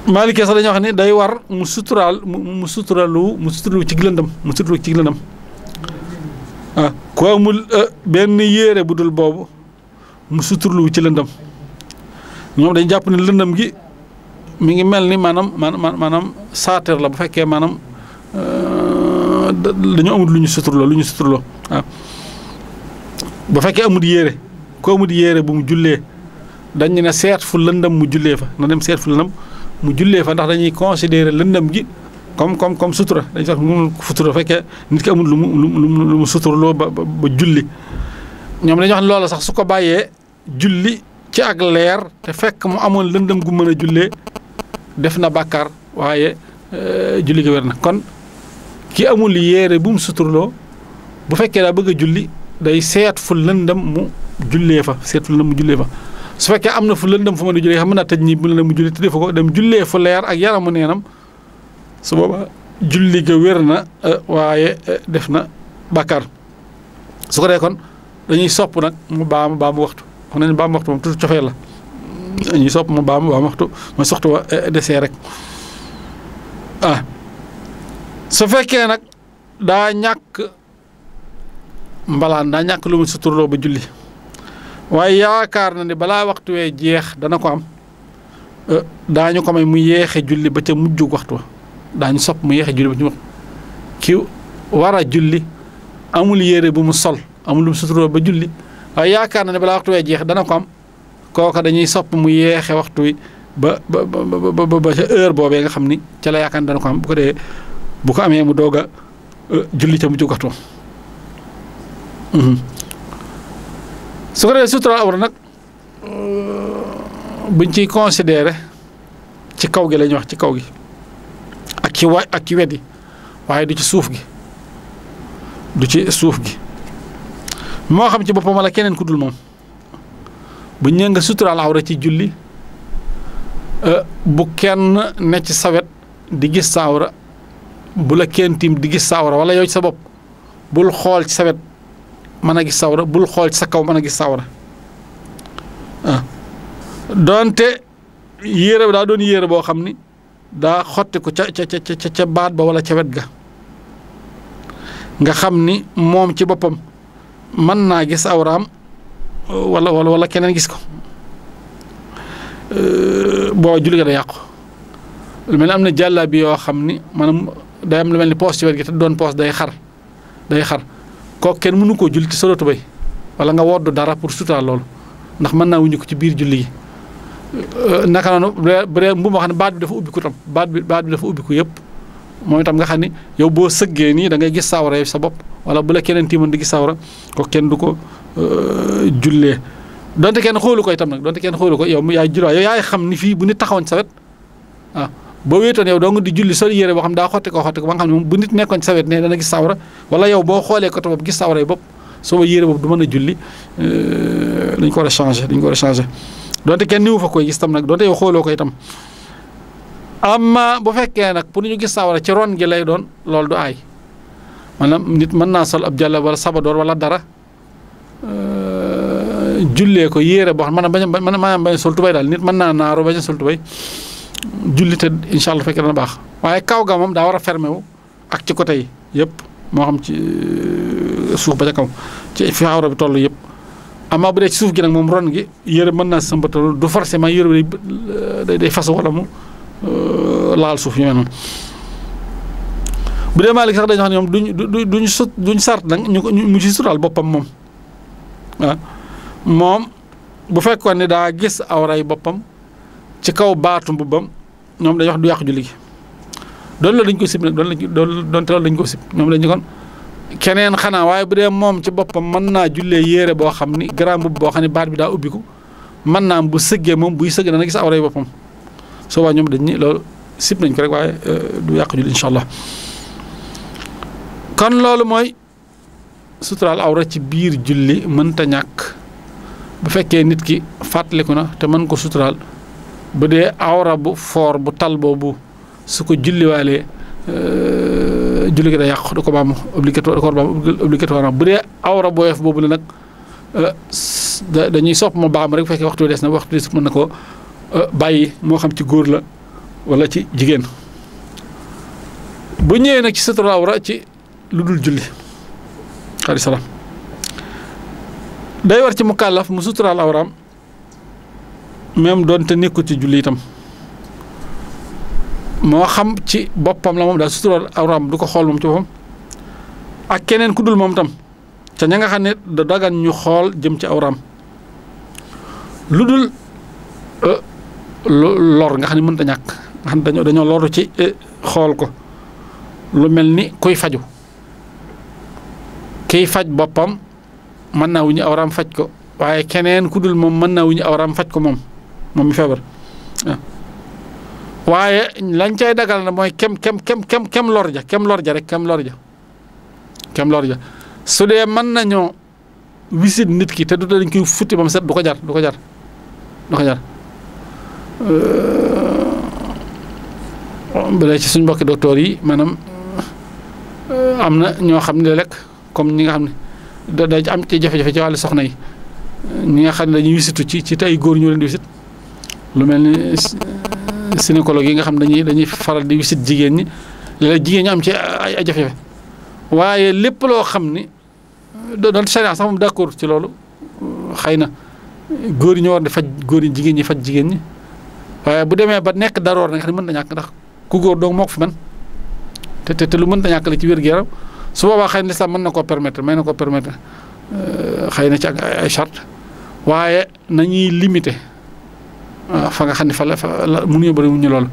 Malick sa dañu wax ni day war mu sutural mu suturalu mu suturalu ci lëndam mu suturalu ci lëndam ah ko amul eh, ben yéere budul bobu mu suturalu ci lëndam ñom dañu japp ni lëndam gi mi ngi melni ni manam maanaam saateer la bu manam euh dañu amul luñu ñu luñu lu ah bu fekkee amul yéere ko amul yéere bu mu jullee dañ na seet fu lëndam mu fa na dem seet fu lëndam. mu jullee fa ndax dañuy considérer lëndëm gi comme comme comme sutura dañu sax mënul ko sutura fekkee nit ki amul lu mu lu lu mu ba ba julli ñoom dañuy wax ne loola sax su ko bàyyee julli ci ak leer te fekk mu amoon lëndëm gu mën a jullee def na bàkkaar waaye euh, julli gi na kon ki amul yéere bu mu suturloo bu fekkee daa bëgg a julli day seet fu lëndëm mu jullee fa seet fu lëndëm mu jullee fa su fekkee na fu lëndëm fu ma di jullee xam mën naa tëj ñi mën na mu julli te defu ko dem jullee fu leer ak yaramu neenam su booba julli na eh, waaye eh, def na bàkkaar su ko dañuy sopp nag mu baam baamu waxtu xam nañ baamu waxtu moom tuuti la dañuy sopp mu baamu baamu waxtu ma soxtu wa eh, desee rek ah su fekkee nag daa ñàkk mbalaan daa ñàkk lu mu suturloo ba julli waaye yaakaar na ne balaa waxtu wee jeex dana ko am euh, daañu ko may mu yéexe julli ba ca mujjug waxtu wa daañu sopp mu yéexe julli ba ca mujj war a julli amul yére bu mu sol amul lu ba julli waaye yaakaar na ne balaa waxtu wee jeex dana ko am kooka dañuy sopp mu yéexe waxtu wi ba ba ba ba ca heure boobee nga xam ni ca la yaakaar ne dana ko am bu ko dee bu ko amee mu doog a euh, julli ca mujjug waxtu wa mhm. su ko defee sutura Benci nag buñ ciy considéré ci kaw gi la ñuy wax ci kaw gi ak ci wa ak ci wet yi du ci suuf gi du ci gi moo xam ci boppam wala keneen ku dul moom bu nga ci sawet di gis sa bu la kenn di gis wala yow ci sa bul khol ci sawet man a gis sawra bul xool ci sa kaw mën a gis sawra ah. doonte yére bi daa doon yére boo xam ni daa xotti ko ca ca ca ca baat ba wala ca wet ga nga xam ni moom ci boppam mën naa gis awraam uh, wala wala wala keneen gis ko uh, boo julli ga da yàqu lu mel ni am na jàllaabi yoo xam ni maanaam day am lu mel ni poos ci wet gi te doon poos day xar day xar ko ken munu ko julli ci solotu bay wala nga wodd dara pour suta lol ndax man na wuñu ko ci bir julli euh, naka non bre dee mbu ma xam baat bi dafa ubbi ko tam baat bi baat bi dafa ubbi ko yep moy tam nga xam yow bo segge ni da ngay gis sawra sa bop wala bu la ya timon di gis sawra ko ken du ko euh, julle donte ken xoolu ko itam nak donte ken yow yaay yaay xam ni fi bu ni taxawon sa ah boo wéetoon yow doo nga di julli sol yére boo xam daa xotti ko xotti ko ba nga xam ne moom bu nit nekkoon ci sa wet ne dana gis sawra wala yow boo xoolee côté boobu gis sawra yi bopp soo yére boobu du mën a julli euh, dañ ko war a changé dañ ko war a changé donte kenn niwu fa koy gis tam nag donte yow xooloo ko itam amma bu fekkee nag pour ñu gis sawra ci ron gi lay doon loolu du aay maanaam nit mën naa sol ab jàlla wala sabadoor wala dara euh, jullee ko yére boo xam maanaam bañ a maanaam bañ a sol tubay daal nit mën naa naaru bañ a sol tubay jullite incha allah fekkee dana baax waaye kaw ga moom daa war a fermé ak ci côté yi yëpp moo xam ci euh, suuf ba ca kaw fi awra bi toll yëpp amaa bu dee ci suuf gi nag moom ron gi yére mën naa sëmbatal du forcément yére bi day euh, day fas wala mu euh, laal suuf yu mel noonu bu dee Maalik sax dañu xam ne ñoom duñ duñ duñ sut duñ sart nag ñu ko mu ci sural boppam moom waaw ah, moom bu fekkoon ne daa gis awray boppam ci kaw baatu mbubbam ñoom dañuy wax du yàq julli gi doon loolu dañ ko sib nag doon lañ loolu dañ ko sib ñoom dañu kon keneen xanaa waaye bu dee moom ci boppam mën naa jullee yére boo xam ni grand mbubb boo xam ne baat bi daa ubbiku mën naa am bu sëggee moom buy sëgg dana gis awray boppam soo ñoom dañ ni loolu nañ ko rek waaye euh, du yàq julli incha allah kon loolu mooy suturaal awra ci biir julli mënta ñàkk bu fekkee nit ki fàttaliku na te mën ko suturaal bu dee awra bu foor bu tal boobu su ko julliwaalee euh, julli gi da yàqu da ko baam obligatoire da ko baam obligatoire bu dee awra booyeef boobu la nag euh, dañuy sopp ma baam rek bu fekkee waxtu des na waxtu des mën na ko euh, bàyyi moo xam ci góor la walla ci jigéen bu ñëwee nag ci sutura awra ci lu dul julli day war ci mukallaf mu suturaal awraam même donte nekku ci julli itam mo xam ci bopam la mom da sutural awram du ko xool moom ci bopam ak keneen ku dul mom tam ca nya nga xane da dagan ñu xol jëm ci awram ludul dul euh, lor nga xane ne mënta ñàkk nga xam dañoo dañoo loru ci euh, xol ko lu melni koy faju kay faj bopam man na wuñu awram faj ko waaye keneen ku dul moom mën naa wu awram faj ko mom moom mi feebar waaw waaye lañ cay dagal na mooy kem kem kem kem kem lor ja kem lor ja rek kem lor kem lor ja su dee mën nañoo wisit nit ki te du dañ koy futti ba mu set du ko jar du ko jar du ko jar bu dee ci suñ mbokki docteur yi maanaam am na ñoo xam ne rek comme ñi nga xam ne da ci am ci jafe-jafe ci soxna yi ñi nga xam ne dañuy wisitu ci ci tey góor ñu leen di wisit lu melni ni eh, nga xam dañuy dañuy faral di wisit jigen ñi la jigen ñi am ci ay jafé waye lepp lo loo xam ni doon sharia sax moom d'accord ci lolu xëy na ñu war di faj góor yi jigéen ñi faj jigen ñi waye bu démé ba nek daror na nga xam mën na ñàkk ndax ku goor do mok fi man té té lu mën na ñàkk la ci wër gëram su baba xëy na lislaam mën na permettre may na permettre eh, xëy ci ay charte waye nañuy limiter Ah, fa nga xamni fa la mu ñu bari mu ñu loolu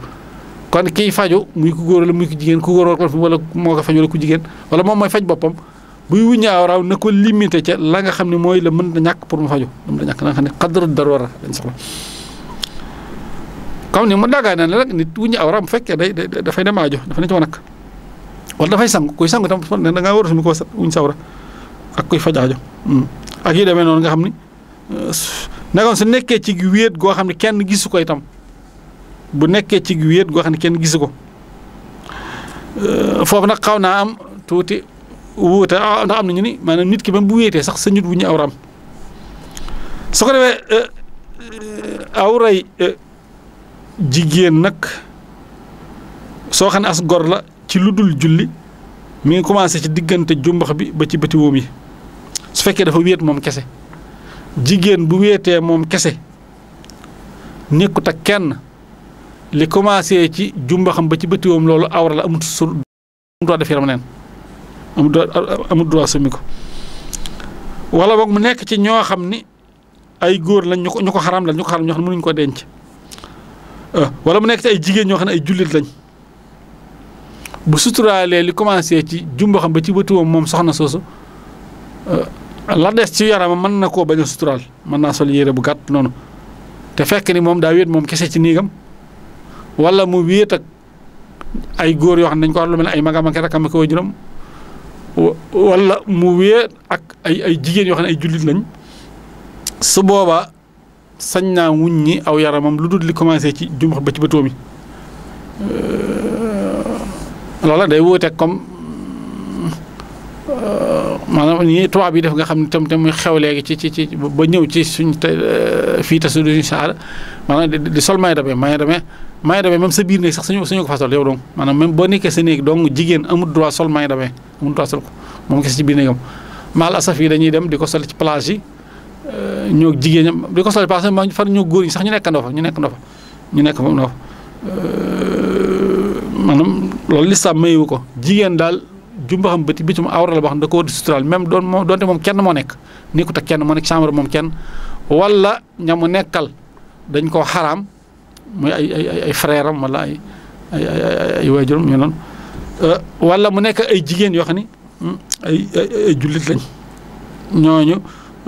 kon ki faju muy ku goor la muy ku jigen ku góor wala moo ko faj wala ku jigen wala mom moy faj boppam buy wuñaaw raw na ko limité ci la nga xamni moy mooy la mën na ñak pour mu faju mën na ñàkk nga qadru darura lañ soxla kaw ni mu dagaa ne nag nit wuñu aw raaw bu fekkee day dafay dem aajo dafa ne ci wonak wala fay sang kuy sang tam da nga war a suñu ko wuñ sawra ak kuy faj aajo hmm. ak yi demé non nga xamni euh, nekkoon su nekkee ci wéet goo xam ne kenn gisu ko itam bu nekkee ci wéet goo xam ne kenn gisu ko euh, foofu nag xaw naa am tuuti wuute ah, ndax am nañu ni maanaam nit ki ba bu wéetee sax sa nit wu ñu awra am su ko euh, euh, awray jigéen nag soo xam ne as gor la ci lu dul julli mu ngi commencé ci diggante jumbax bi ba ci bëti wóom yi su fekkee dafa wéet moom kese Jigen bu wéetee moom kese nekkut ak kenn li commencé ci xam ba ci bëtiwoom loolu awra la amut su droit def yaram neen amut droit summi ko wala boog mu nekk ci ñoo xam ni ay góor lañ ñu ko ñu ko xaram lañ ñu ko xaram ñoo xam ne ko denc ah, wala mu nekk ci ay jigéen ñoo xam ne ay jullit lañ bu suturaalee li commencé ci xam ba ci bëtiwoom moom soxna soosu ah, la des ci yaramam mën na koo bañ a suturaal mën naa sol yére bu gàtt noonu te fekk ni moom daa wéet moom kese ci néegam walla mu wéet ak ay góor yoo xam ne dañ ko war ay magam ak rakam ak waajuram mu wéet ak ay jigéen yoo xam ne ay jullit lañ su boobaa sañ naa wuññi aw yaramam lu dul li commencé ci jumbax ba ci bëtoo mi loola day wuuteeg comme. maanaam ni tubaab yi def nga xam ne tam tam xew léegi ci ci ci ba ñëw ci suñ te euh, fii te suñu saara maanaam di sol may demee may demee may demee même sa biir néeg sax suñu suñu ko fa sol yow donc maanaam même boo nekkee sa néeg donc jigéen amul droit sol may demee amul droit sol ko moom kese ci biir néegam maal asaf yi dañuy dem di ko sol ci plage yi euh, ñoo jigéen ñam di ko sol parce que ma far ñoo góor ñi sax ñu nekk ndoo fa ñu nekk ndoo fa ñu nekk ndoo fa euh, maanaam loolu lislaam mayewu ko jigéen daal. bi mu xam bëti bitum awra la boo xam da ko war di suturaal même doon moom doonte moom kenn moo nekk nekkut ak kenn moo nekk chambre moom kenn wala mu nekkal dañ koo xaraam muy ay ay ay frère am wala ay ay euh, mu nekk ay jigéen yoo xam ni hmm, ay ay jullit lañ ñooñu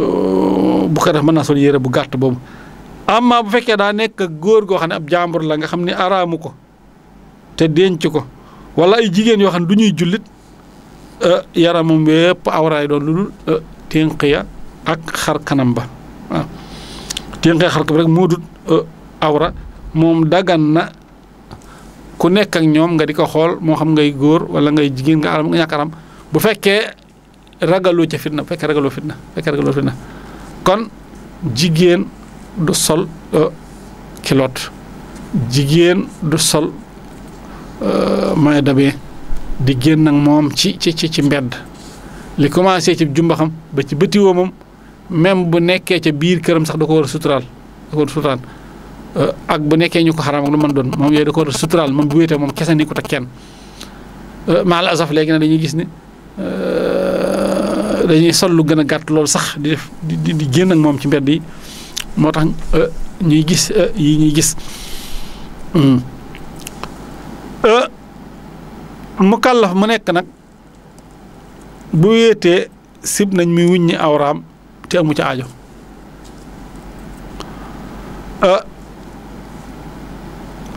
euh, bu ko def mën naa sol yére bu gàtt boobu amma bu fekkee daa nekk góor goo xam ne ab jàmbur la nga xam ne araamu ko te denc ko wala ay jigéen yoo xam ne du ñuy jullit Euh, yaramam yëpp awraay doon lu dul euh, tinq ya ak xar kanam ba waaw tinq ya xar kanam rek moo dut euh, awra moom dagan na ku nekk ak ñoom nga di ko xool moo xam ngay góor wala ngay jigéen nga aram nga ñàkk aram bu fekkee ragaloo ca fitna bu fekkee ragaloo fitna bu fekkee ragaloo fitna kon jigéen du sol kiloot jigéen du sol maillot de bain di génn ak moom ci ci ci mbedd li commencé ci jumbaxam ba ci bëti woomam même bu nekkee ca biir këram sax da ko war a suturaal da ko war a suturaal euh, ak bu nekkee ñu ko xaraam ak lu mën doon moom yooyu da ko war a suturaal moom bu wéetee moom kese nekkut ak kenn euh, maal azaf léegi nag dañuy gis ne euh, dañuy sol lu gën a gàtt lool sax di def di di génn ak moom ci mbedd yi moo tax ñuy gis yi ñuy gis. Hmm. mu kàllaf mu nekk nag bu wéetee sib nañ muy wuññi awraam te mu ci aajo ah,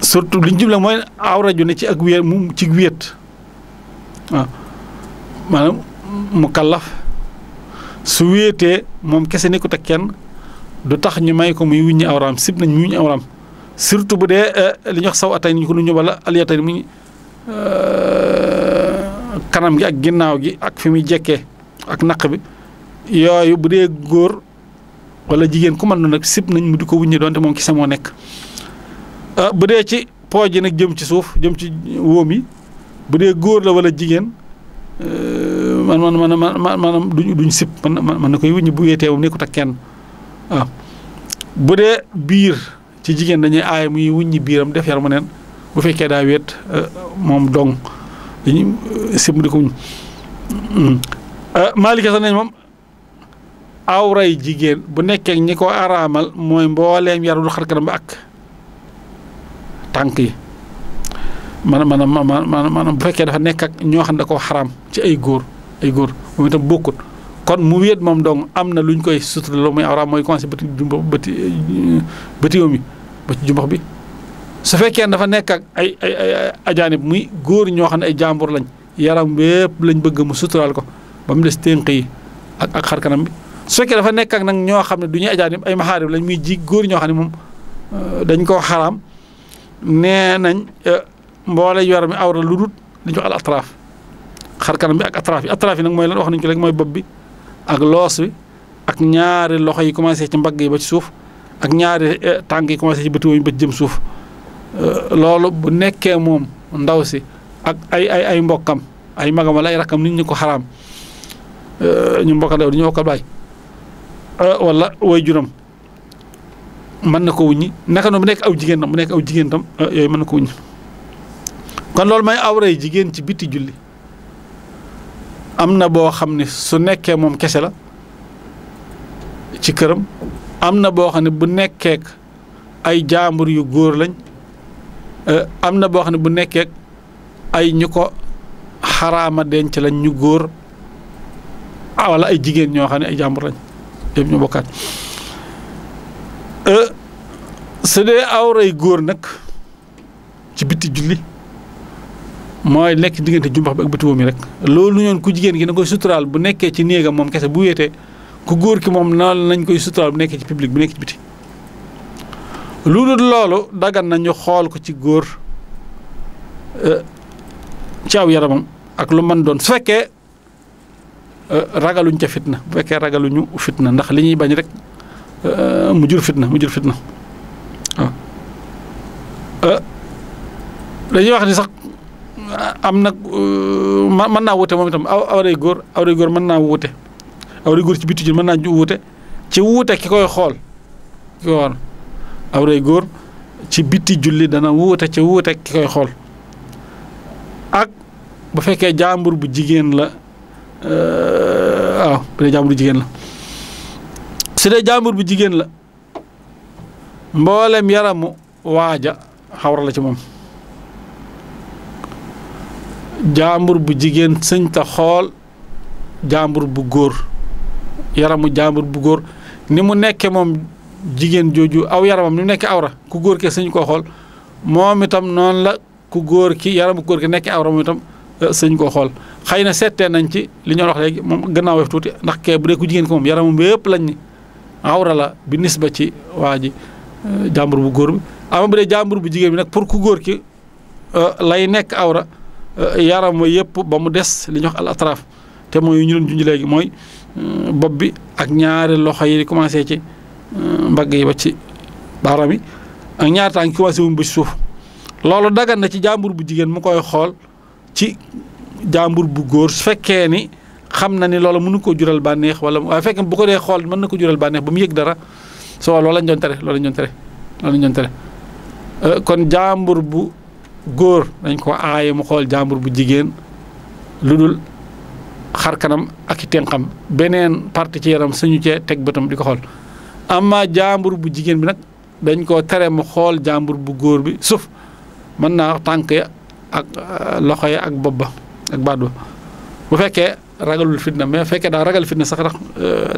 surtout li ñu jublu mooy awra ju ne ci ak wéet mu ci wéet waaw ah, maanaam mu kàllaf su wéetee moom kese nekkut ak kenn du tax ñu may ko muy wuññi awraam sib nañ muy wuññi awraam surtout bu dee eh, li ñuy saw atay ni ñu ko nu ñu wala aliyatay mu Euh, kanam gi ak ginnaaw gi ak fi muy jekkee ak naq bi yooyu bu dee góor wala jigéen ku mën na nag sib nañ mu di ko doon doonte moom kese moo nekk euh, bu dee ci pooj yi nag jëm ci suuf jëm ci wóom yi bu dee góor la wala jigéen euh, man man man man maanaam duñ duñ sib man na koy wuñ bu wéetee moom nekkut ak kenn bu dee biir ci jigéen dañuy aay muy wuññi biiram def yar mu neen bu fekkee daa wéet moom dong dañuy simb ko muñ Maalika sax nañ moom awray jigéen bu nekkee ñi ko araamal mooy mbooleem yarul xar kanam ba ak tànk yi man maanaam maanaam maanaam bu fekkee dafa nekk ak ñoo xam ne da koo xaraam ci ay góor ay góor moom itam bokkut kon mu wéet moom dong am na lu ñu koy sutura loo muy awraam mooy commencé bëti jumbax bëti bi su fekkee dafa nekk ak ay ay ay muy góor ñoo xam ne ay jàmbur lañ yaram wépp lañ bëgg mu suturaal ko ba mu des tënk yi ak ak xar bi su fekkee dafa nekk ak nag ñoo xam ne du ñuy ajaanib ay maxaarib lañ muy ji góor ñoo xam ne moom euh, dañ koo xaraam nee nañ euh, mboole yor mi awra lu dul li ñu wax al atraaf bi ak atraaf yi atraaf yi nag mooy lan wax nañ ko léegi mooy bopp bi ak loos bi ak ñaari loxo yi commencé ci mbagg yi ba ci suuf ak ñaari euh, tànk yi commencé ci bëti woñ ba jëm suuf Euh, loolu bu nekkee moom ndaw si ak ay ay ay mbokkam ay magam wala ay rakkam nit ñu ko xaraam euh, ñu mbokka ndaw dañoo ko bàyyi euh, wala way juram mën na ko wuññi naka noonu bu nekk aw jigéen tam bu nekk aw jigéen tam yooyu mën na ko wuññi kon loolu may awray jigéen ci biti julli am na boo xam ne su nekkee moom kese la ci këram am na boo xam ne bu nekkeek ay jaambur yu góor lañ Euh, am na boo xam ne bu nekkee ay ñu ko xaraama denc lañ ñu góor ah, wala ay jigéen ñoo xam ne ay jàmbur lañ yëpp ñu bokkaat euh, su dee awray góor nag ci bitti julli mooy nekk diggante jumbax bi ak bëti mi rek loolu ñoon ku jigéen gi na koy suturaal bu nekkee ci néegam moom kese bu wéetee ku góor ki moom noonu lañ koy suturaal bu nekkee ci public bu nekk ci biti lu dul loolu dagan nañu xool ko ci góor euh, ci aw yaramam ak lu man doon su fekkee euh, ragaluñ ca fitna bu fekkee ragaluñu fitna ndax li ñuy bañ rek euh, mu jur fitna mu jur fitna waaw dañuy wax ni sax am nag mën naa wute moom itam aw awray góor awray góor mën naa wute awray góor ci bitti ji mën naa wute ci wuute ki koy xool ki koy xool awray góor ci bitti julli dana wuute ci wuute ki koy xool ak bu fekkee jàmbur bu jigéen la euh, waaw bu dee jàmbur bu jigéen la su dee jàmbur bu jigéen la mboolem yaramu waaja xawra la ci moom jàmbur bu jigéen sëñ xool jàmbur bu góor yaramu jàmbur bu góor ni mu nekke moom jigéen jooju aw yaramam ni mu nekk awra ku góor ke sañ koo xool moom itam noonu la ku góor ki yaramu góor ki nekk awra moom itam euh, sañ koo xool xëy na seetee nañ ci li ñu wax léegi moom gannaaw tuuti ndax kee bu dee jigéen ko moom yaramam yëpp lañ awra la bi nisba ci waa ji euh, jàmbur bu góor bi jàmbur bu jigéen bi nag pour ku góor ki euh, lay nekk awra yaram yëpp ba mu des li wax al atraaf te mooy léegi mooy bopp bi ak ñaari loxo yi commencé ci mbagge ba ci barami ak ñaar tan ki wasi ba suuf lolu dagan na ci jambur bu jigen mu koy xol ci jàmbur bu góor su ni xamna na ni loolu mënu ko jural banex wala waaye fekk bu ko de xol mën jural banex bu mu yëg dara so lolu lañ doon tere lolu lañ doon tere lolu lañ doon tere kon jambur bu góor dañ ko ay mu xol jambur bu jigen ludul xar kanam ak tenxam benen parti ci yaram suñu ci tek batam di xol amma jàmbur bu jigéen bi nag dañ koo tere mu xool jàmbur bu góor bi suuf mën naa tànk ya ak euh, loxo ya ak bopp ba ak baat ba bu fekkee ragalul fitna mais bu fekkee daa ragal fitna sax tax euh,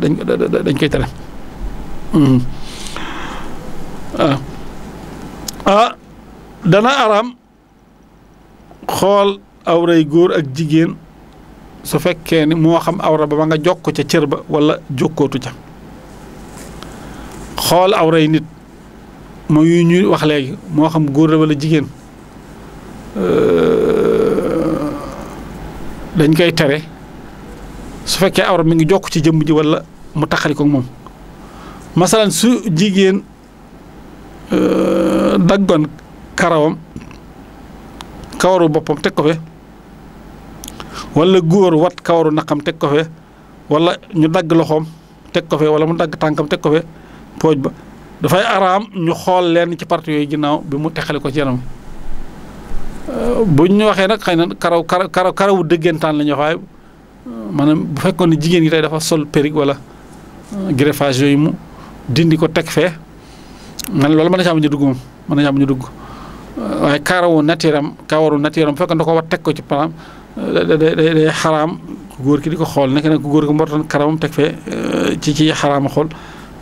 dañ koy tere hmm. ah. ah dana araam xool awray góor ak jigéen su fekkee ni moo xam awra ba ba nga jokk ca cër ba wala jokkootu ca xool aw rey nit mooy yu ñuy wax léegi moo xam góor la wala jigéen dañ koy tere su fekkee awra mi ngi jokk ci jëmm ji walla mu taxari ko moom masalan su jigéen daggoon karawam kawaru boppam teg ko fe wala góor wat kawaru naqam teg ko fe wala ñu dagg loxoom teg ko fe wala mu dagg tànkam teg ko fe pooj ba dafay araam ñu xool leen ci parti yooyu ginnaaw bi mu teqale ko ci yaram bu ñu waxee nag xëy na karaw karaw karawu dëggantaan la ñu wax maanaam bu fekkoon ne jigéen gi tey dafa sol perruque wala euh, greffage yooyu mu dindi ko teg fee man loolu mën na caa bañ a dugg moom mën na caa bañ a dugg waaye karawu natiram kawaru natiram bu fekkoon da ko war teg ko ci param euh, day day xaraam góor ki di ko xool nekk nag góor ki mbortoon karawam teg fee euh, ci ci xaraama xool.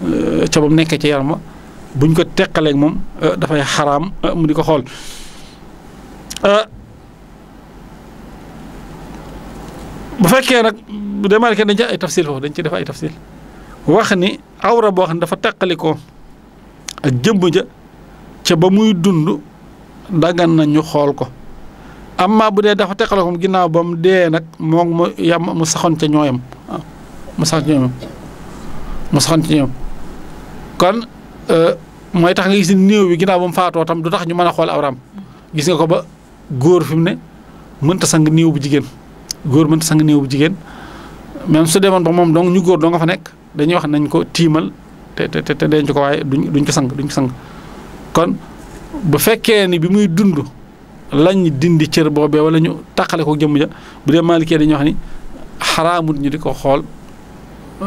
Euh, ca bam nekk ci yaram buñ ko mom euh, da fay haram euh, mu di ko xool bu fekkee nag démarqué dañ ci ay tafsil foofu dañ ci def ay tafsil wax ni awra bo xam dafa takaliko ak jëmm ja ca ba muy dund dagan na ñu xol ko amma bu de dafa teqalikoo ko ginaaw bam de nak mo mu yam mu saxon ca ñoyam mu saxon ca ñooyam mu saxon ci ñoyam kon euh, mooy tax nga gis néew bi ginaaw ba mu faatoo tam du tax ñu mën a xool awraam gis nga ko ba góor fi mu ne mënta sang néew bu jigéen góor mënta sang néew bu jigéen même su demoon ba moom dong ñu góor doo nga fa nekk dañuy wax nañ ko tiimal te te te denc ko waaye duñ duñ ko sang duñ ko sang kon bu fekkee ni bi muy dund lañ dindi cër boobee wala ñu taqale ko jëmm ja bu dee maalikee dañuy wax ni xaraamut ñu di ko xool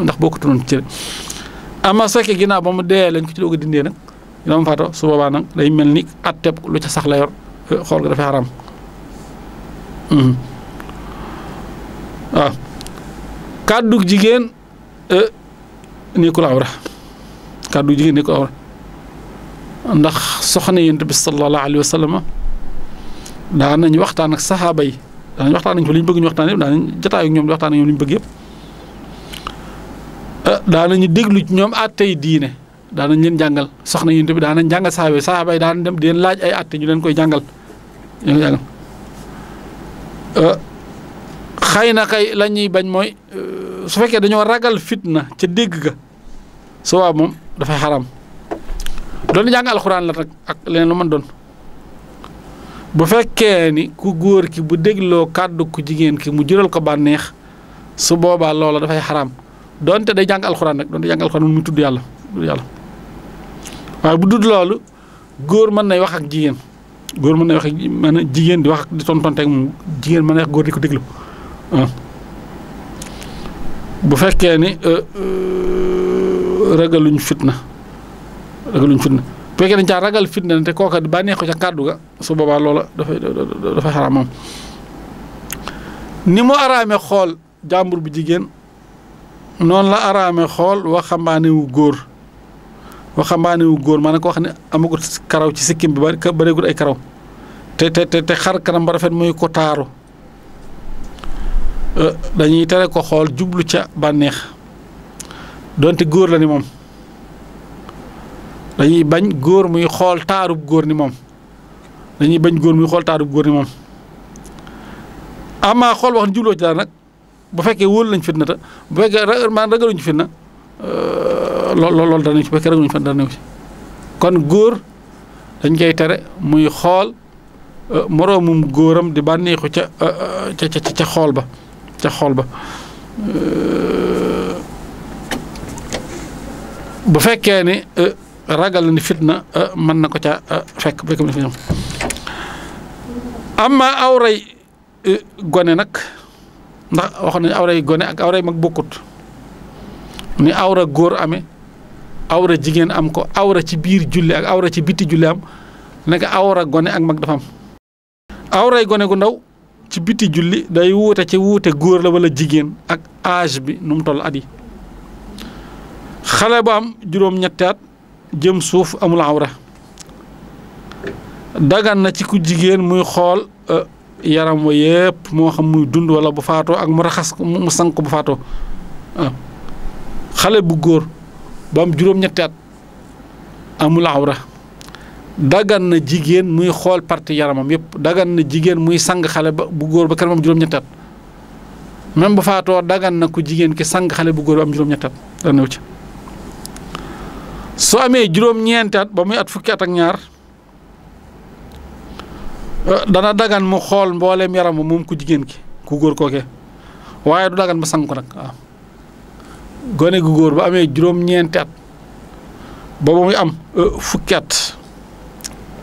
ndax boo ko tunoon cër amma fekke gina ba mu dee lañ ko ci doog a dindee nag dina mu su baba nak lay melni atep lu ci sax la yor hmm ah kaddu jigen waaw eh, ni ko lawra kaddu jigen ni ko lawra ndax soxna yent bi sallallahu alaihi wasallam da nañ waxtaan ak saxaaba yi daan nañ waxtaan ñu liñ bëgg ñu waxtaan yëpp nañ ak ñom waxtaan ak ñoom bëgg yépp Eh, ñu déglu ci ñoom àttey diine daanañ leen jàngal soxna yonent bi daanañ jàngal saxaaba yi saxaaba yi daan dem di leen laaj ay àtte ñu leen koy jàngal ñu jàngal eh, xëy na kay bañ mooy eh, su fekkee dañoo ragal fitna ca dégg ga su waa moom dafay xaram doon jàng alxuraan la rek ak leen lu man doon bu fekkee ni ku góor ki bu dégloo kàddu ku jigéen ki mu jural ko bànneex su boobaa loola dafay xaram donte day jang alxuraan nak donte jang alxuraan mu tudd yalla du yalla waaye bu dudd lolou góor man nay wax ak jigen góor man nay wax ak mën a di wax di tontonte ak moom jigéen mën na wax góor di ko deglu bu fekke ni euh, euh, ragaluñ fitna ragaluñ fitna bu fekkee dañ ragal fitna te kooka bànnee ko ca kaddu ga su boobaa loola da dafay xaraam moom ni mo arame xol jàmbur bi jigen noonu la araame xool waxambaane wu góor waxambaane wu góor maanaam ko wax ne amagut karaw ci sikkim bi bëreegut ay karaw te te te xar kanam ba rafet muy ko taaru euh, dañuy tere ko xool jublu ca bànneex donte góor la ni moom dañuy bañ góor muy xool taarub góor ni moom dañuy bañ góor muy xool taarub góor ni moom amaa xool wax jubloo ci dara nag bu fekkee wóolu lañ fitna ta bu fekkee ra maanaam ragaluñ fitna lool euh, lool loolu ci bu fekkee ragaluñ fitna danañ ci kon góor dañ koy tere muy xool euh, moroomum góoram di bànneexu euh, ca ca ca xool ba ca xool ba bu fekkee ni ragal ni fitna mën na ko ca fekk bu fekkee am awray gone nag. ndax wax nañ awra yi gone ak awra yi mag bokkut ni awra góor amee awra jigéen am ko awra ci biir julli ak awra ci biti julli am naka awra gone ak mag dafa am. awray gone gu ndaw ci biti julli day wuute ci wuute góor la wala jigéen ak âge bi nu mu toll at yi xale bu am juróom-ñetti jëm suuf amul awra dagan ci ku jigéen muy xool. Euh, yaram wa yëpp moo xam muy dund wala bu faatoo ak mu raxas mu sànq bu faatoo xale bu góor ba am juróom-ñetti at amul awra dagan na jigéen muy xool parti yaramam yëpp dagan na jigéen muy sang xale ba bu góor ba kanam am juróom-ñetti at même bu faatoo daggan na ku jigéen ki sang xale bu góor ba am juróom-ñetti at su amee juróom-ñeenti at ba muy at fukki at ak ñaar. dana dagan mu xool mbooleem yaramu moom ku jigéen ki ku góor kooke waaye du daggan ba sang ko nag waaw gone gu góor ba amee juróom-ñeenti at boobu muy am euh, fukki at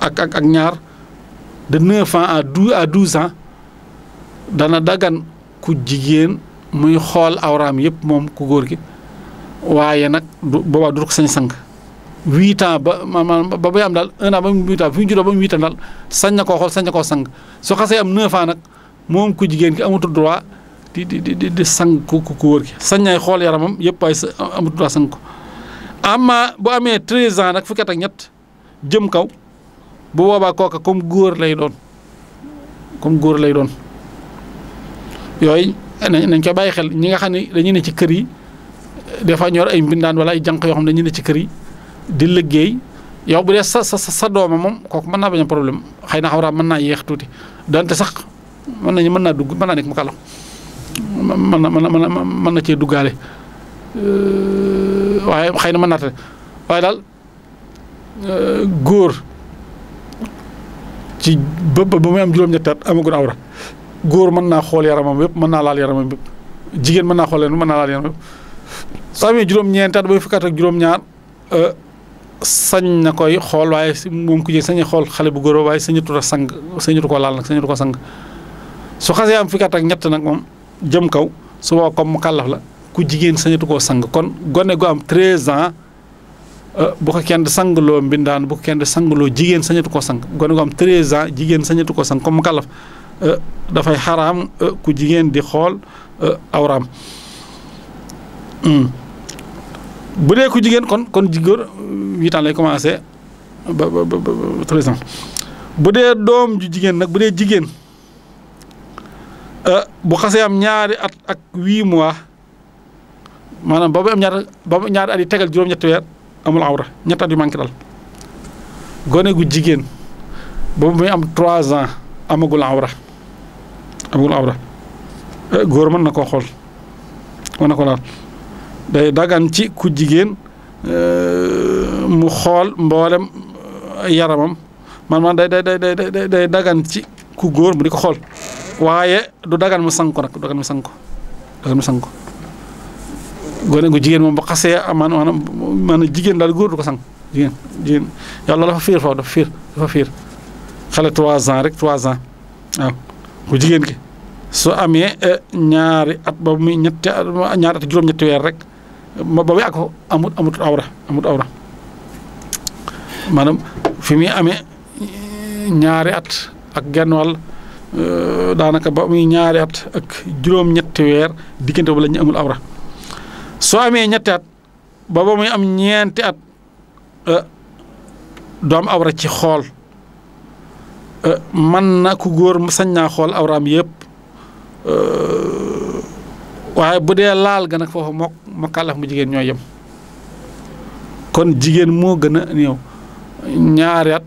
ak ak ak ñaar de neuf à douze à douze ans dana daggan ku jigéen muy xool awraam yëpp moom ku góor gi waaye nag du boobaa du ko sañ sang huit ans ba maanaam ba bay am daal un an ba mu huit ans fi mu juddoo ba mu huit ans daal sañ na koo xool sañ na koo sang su xasee am neuf ans nag moom ku jigéen ki amatul droit di di di sang ku ku wóor ki sañ naay xool yaramam yëpp waaye amatul droit sang ko amee treize ans nag fukki at ak ñett jëm kaw bu boobaa kooka comme góor lay doon comme góor lay doon yooyu nañ ko bàyyi xel ñi nga xam ne dañu ne ci kër yi des fois ñor ay mbindaan wala ay jànq yoo xam ne dañu ne ci kër yi. di liggey yow bu dé sa sa sa dooma mom kooku man na bañ problème xeyna xawra man na naa yéex tuuti donte sax mën nañu mën naa dugg mën naa nekk mu kàlla mën na man na mën na cee duggaale waaye xëy na mën naa tere waaye daal góor ci ba bu muy am juroom ñetti at amagul awra góor mën naa xool yaramam yépp man na laal yaramam yëpp jigen man na xol leen man na laal yaramam yëpp saa juróom at ba fukki ak juroom ñaar sañ na koy xool waaye moom ku jég sañ xool xale bu góor waaye sañatu ko sang sañatu ko ko sang su xasee am fukki ak ñett nag moom jëm kaw su boobaa comme mu la ku jigéen sañatu koo sang kon gone gu am 13 ans euh, bu ko kenn sangloo mbindaan bu ko kenn sangloo jigéen sañatu koo sang gone gu am 13 jigéen sañatu koo sang comme mu euh, dafay xaram euh, ku jigéen di xool awraam. Hmm. bu dee ku jigéen kon kon jigóor huit ans lay commencé ba ba ba treize bu dee doom ju jigéen nag bu jigéen euh, bu xasee am ñaari at ak huit mois maanaam ba ba am ba ñaari at yi tegal juróom-ñetti amul awra ñetti at yu gone gu jigéen boobu muy am trois ans amagul awra amagul awra euh, góor mën na koo xool mën na ko laal. day dagan ci ku jigéen euh, mu xool mboolem euh, yaramam man man day day day day day dagan ci ku góor mu di ko xool waaye du dagan mu sanko nag du dagan mu sanko dagan mu sanko gone ko jigéen moom bu xasee man maan maanaam jigéen daal góor du ko sang jigéen jigéen yàlla dafa fiir foofu fiir xale trois ans rek trois ans waaw ku jigéen ki soo amee euh, ñaari at ba muy ñetti ñaari at juróom-ñetti weer rek ba muy àgg amut amut awra amut awra maanaam fi muy amee ñaari at ak genn wàll euh, daanaka ba mi ñaari at ak juróom-ñetti weer diggante ba la amul awra soo amee ñetti at ba ba muy am ñeenti at euh, doom awra ci xool euh, man na ku góor sañ naa xool awraam yëpp. waaye bu dee laal ga nag foofu mook mu kàllaf mu jigéen ñooy yem kon jigéen moo gën a néew ñaari at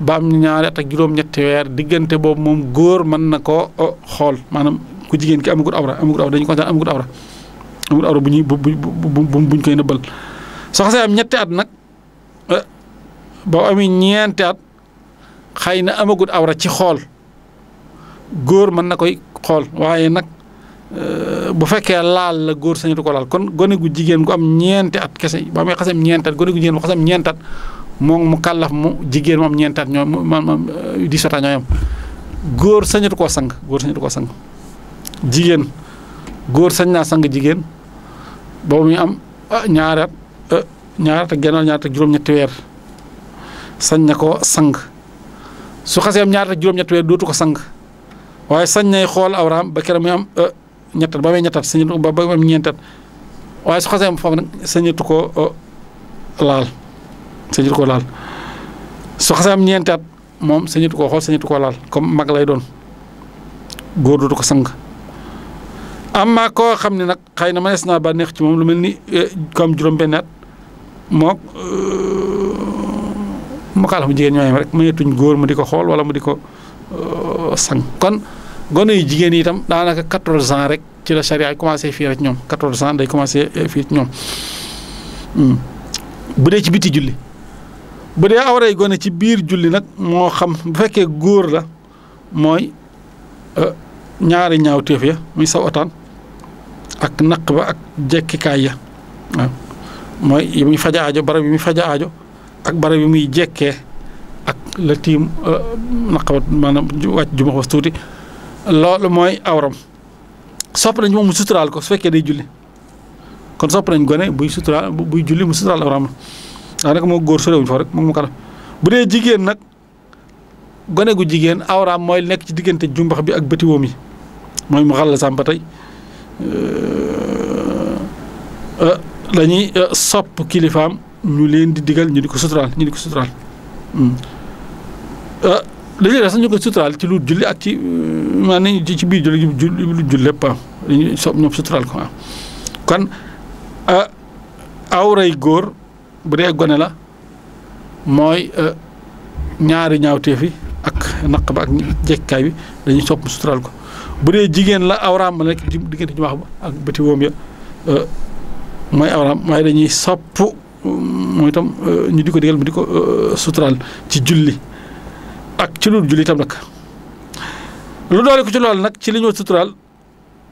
ba am ñaari at ak juróom-ñetti weer diggante boobu moom góor mën na koo xool maanaam ku jigéen ki amagut awra amagut awra dañu ko daan amagut awra amagut awra bu ñuy bu buñ koy nëbbal soo xasee am ñetti at nag eh, boo amee ñeenti at xëy na amagut awra ci xool góor mën na koy xool waaye nag Euh, bu fekkee laal la góor sañatu ko laal kon gone gu jigéen gu am ñeenti at kese ba muy xasam ñeenti at gone gu jigéen bu xasam ñeenti at moom mu kàllaf mu jigéen mu am ñeenti ñoom ma ma euh, di sota ñooyam góor sañatu koo sang góor sañatu koo jigéen góor sañ naa sang jigéen boobu muy am ah, ñaari at euh, ñaari at ak genn wàll ñaari juróom-ñetti sañ na ko sang su xasee am ñaari at ak juróom-ñetti dootu ko sang waaye sañ nay xool awraam ba keroog muy am. ñettat ba may ñettat sañatu ko ba ba am ñeentat waaye su xasee am foofu nag sañatu ko uh, laal sañatu ko laal su xasee am ñeentat moom ko koo xool sañatu ko laal comme mag lay doon góor dootu ko sang amma koo xam nak, nag xëy na ba naa bànneex ci moom lu mel ni comme eh, juróom-benn at mook mu uh, mu jigen ñooyam rek mëneetuñ góor mu di ko xool wala mu di ko uh, sang kon gone yu jigéen yi itam daanaka 14 ans rek ci la charia yi commencé fii rek ñoom 14 ans day commencé eh, fii ci ñoom hmm. bu dee ci biti julli bu dee awray gone ci biir julli nag moo xam bu fekkee góor la mooy eh, ñaari ñaaw téef ya muy saw ak naq ba ak jekkikaay ya mooy yi muy faja aajo barab yi muy aajo ak barab yi muy jekkee ak la tiim eh, naq ba maanaam wàcc jumax was tuuti loolu mooy awram sopp nañ moom mu suturaal ko su fekkee day julli kon sopp nañ gone buy suturaal buy julli mu suturaal awram góor sorewuñ rek moom mu bu dee jigéen nag gone jigéen awraam mooy nekk ci diggante jumbax bi ak bëti woom yi mooy mu xàll sàmm ba tey dañuy sopp kilifaam ñu leen di digal ñu di ko suturaal ñu di ko suturaal hmm. léegi def sa ñu ko suturaal ci lu julli ak ci euh, maanaam ci biir julli lu julli lépp ah dañuy so ñoom ko ah euh, awray góor bu gone la mooy euh, ñaari ñaawteef yi ak naq ba ak jekkaay bi dañuy sopp suturaal ko bu dee jigéen la awraam ma nekk diggante ñu wax ba ak bëti woom ya mooy awraam waaye dañuy sopp mooy itam ñu di ko digal mu di ko suturaal ci julli ak ci lu julli itam nag lu doole ko ci loolu nag ci li ñu suturaal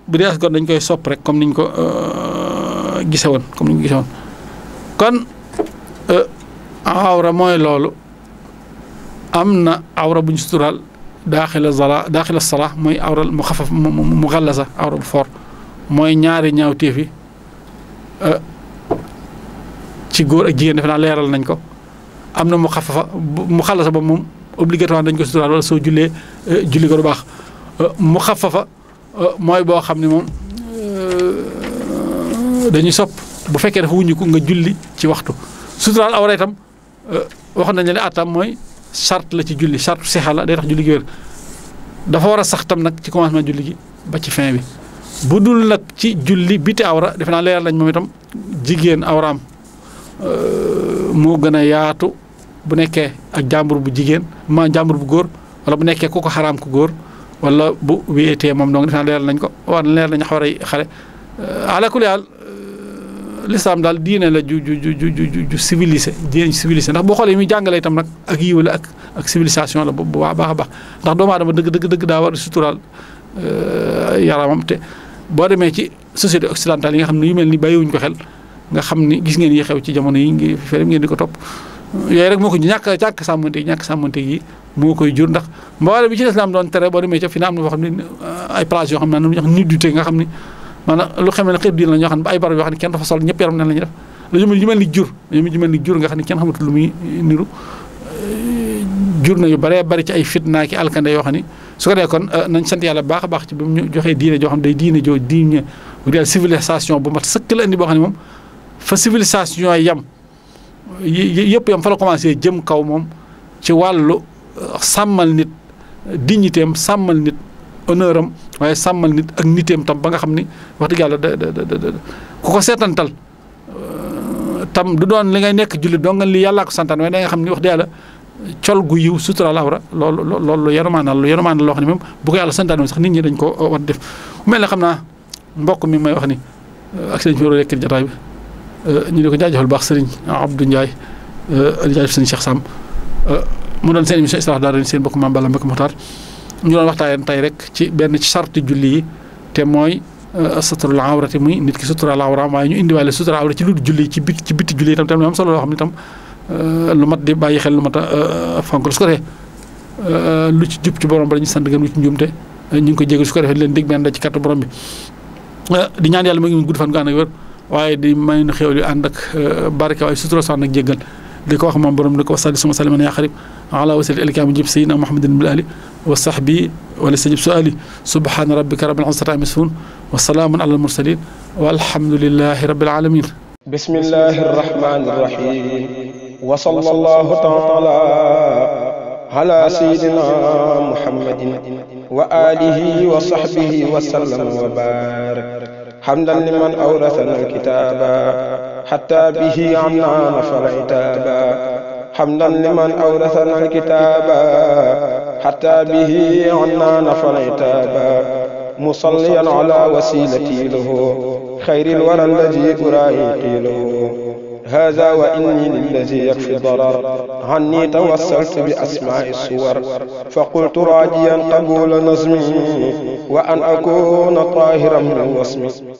bu dee ko dañ koy sopp rek comme niñ ko euh, gise woon comme niñ ko gise woon kon euh, awra mooy loolu am na awra bu ñu suturaal daaxila zala daaxila sala mooy awra mu xafaf mu xallasa awra bu foor mooy ñaari ñaawteef yi euh, ci góor ak jigéen defe naa leeral nañ ko am na mu xafafa mu xallasa ba moom obligatoire dañ ko sutural wala soo jullee euh, julli ko du baax euh, mu xafafa euh, mooy boo xam ne moom dañuy sopp bu fekkee dafa wuñu ko nga julli ci waxtu sutural awra itam wax nañ ne atam mooy chart la ci julli chart sixa la day tax julli gi wér dafa war a sax tam nag ci commencement julli gi ba ci fin bi bu dul nag ci julli biti awra defe naa leeral lañ moom itam jigéen awraam moo gën a yaatu bu nekkee ak jàmbur bu jigéen maa jàmbur bu góor wala bu nekkee ku ko xaram ku góor wala bu wéetee moom donc def naa leeral nañ ko wan leeral nañ xaw a xale euh, ala kulli haal euh, lislaam daal diine la ju ju ju ju ju civilisé diine civilisé ndax boo xoolee muy jàngalee itam nag ak yiw la ak ak civilisation la bu baax a baax ndax doomu aadama dëgg dëgg dëgg daa war a suturaal euh, yaramam te boo demee ci société occidentale yi nga xam ne yu mel ni bàyyiwuñ ko xel nga xam ni gis ngeen yi xew ci jamono yi ngeen di ko topp. yooyu rek moo ko ñàkk ñàkk sàmmante yi ñàkk sàmmante yi moo koy jur ndax mboole bi ci lislaam doon tere boo demee ca fi na am na foo xam ne euh, ay place yoo xam ne ñu wax ni jur kenn xamatul lu muy niru euh, jur na yu bëree bëri ci ay fitna ki alkande yoo xam ne su ko dee kon euh, nañ sant yàlla baax a baax ci ba mu ñu joxee diine joo xam day diine joo diine bu dee civilisation bu mat sëkk la indi boo xam ne moom fa civilisation yam yëpp yam fa la commencé jëm kaw moom ci wàllu euh, sàmmal nit am sàmmal nit honneur am waaye sàmmal nit ak niteem tam ba nga xam ni wax dëgg yàlla da da da ku ko seetantal euh, tam du doon li ngay nekk jullit do nga li yàllaa ko santaan waaye da nga xam ni wax dëgg yàlla col gu yiw sutura lawra loolu loolu yarumaanal lu yarumaanal loo xam ne même bu ko yàlla santaanoo sax nit ñi dañ ko war def mel na xam naa mbokk mi may wax ni euh, ak seen fi rekk jataay bi Euh, ñu di ko jaajëfal bax sëriñ Abdou ndjay euh ali jaajëf sëriñ Cheikh Sam euh mu doon seen émission islah daara seen bokk maam Balla Mbacké Muxtaar ñu doon waxtaan tay rek ci benn ci charte julli yi te moy euh, suturul awrati muy nit ki sutural awraam way ñu indi walé sutura awra ci lu julli ci bit ci bit julli tam tam am solo lo xamni tam euh lu mat di bayyi xel lu mata euh fonk su ko defee euh, lu ci jup ci borom ba ñu sant gën lu ci njumte ñu ngi ko jéggu su ko defee leen dig ben da ci carte borom bi di ñaan yalla mo ngi gudd fan gu ànd ak wér waaye di may nu xew li ànd ak barke waaye sutura saan ak jéggal di ko wax moom borom di ko wasalli suma saliman yaa xarib ala wasilati alkaami jib sayidina muhammadin bil ali wa sahbi wala sajib suali subhana rabbika rabbil izzati amma yasifun wa salaamun ala al mursalin walhamdulillahi rabbil alamin bismillahi arrahmani arrahim wa sallallahu taala ala sayidina muhammadin وآله وصحبه وسلم وبارك حمدا لمن أورثنا الكتاب حتى به عنا نفر عتابا حمدا لمن أورثنا الكتاب حتى به عنا نفر عتابا مصليا على وسيلتي له خير الورى الذي أرائي قيله هذا وإني للذي يكفي الضرر عني توسلت بأسماء الصور فقلت راجيا قبول نظمي وأن أكون طاهرا من وصمي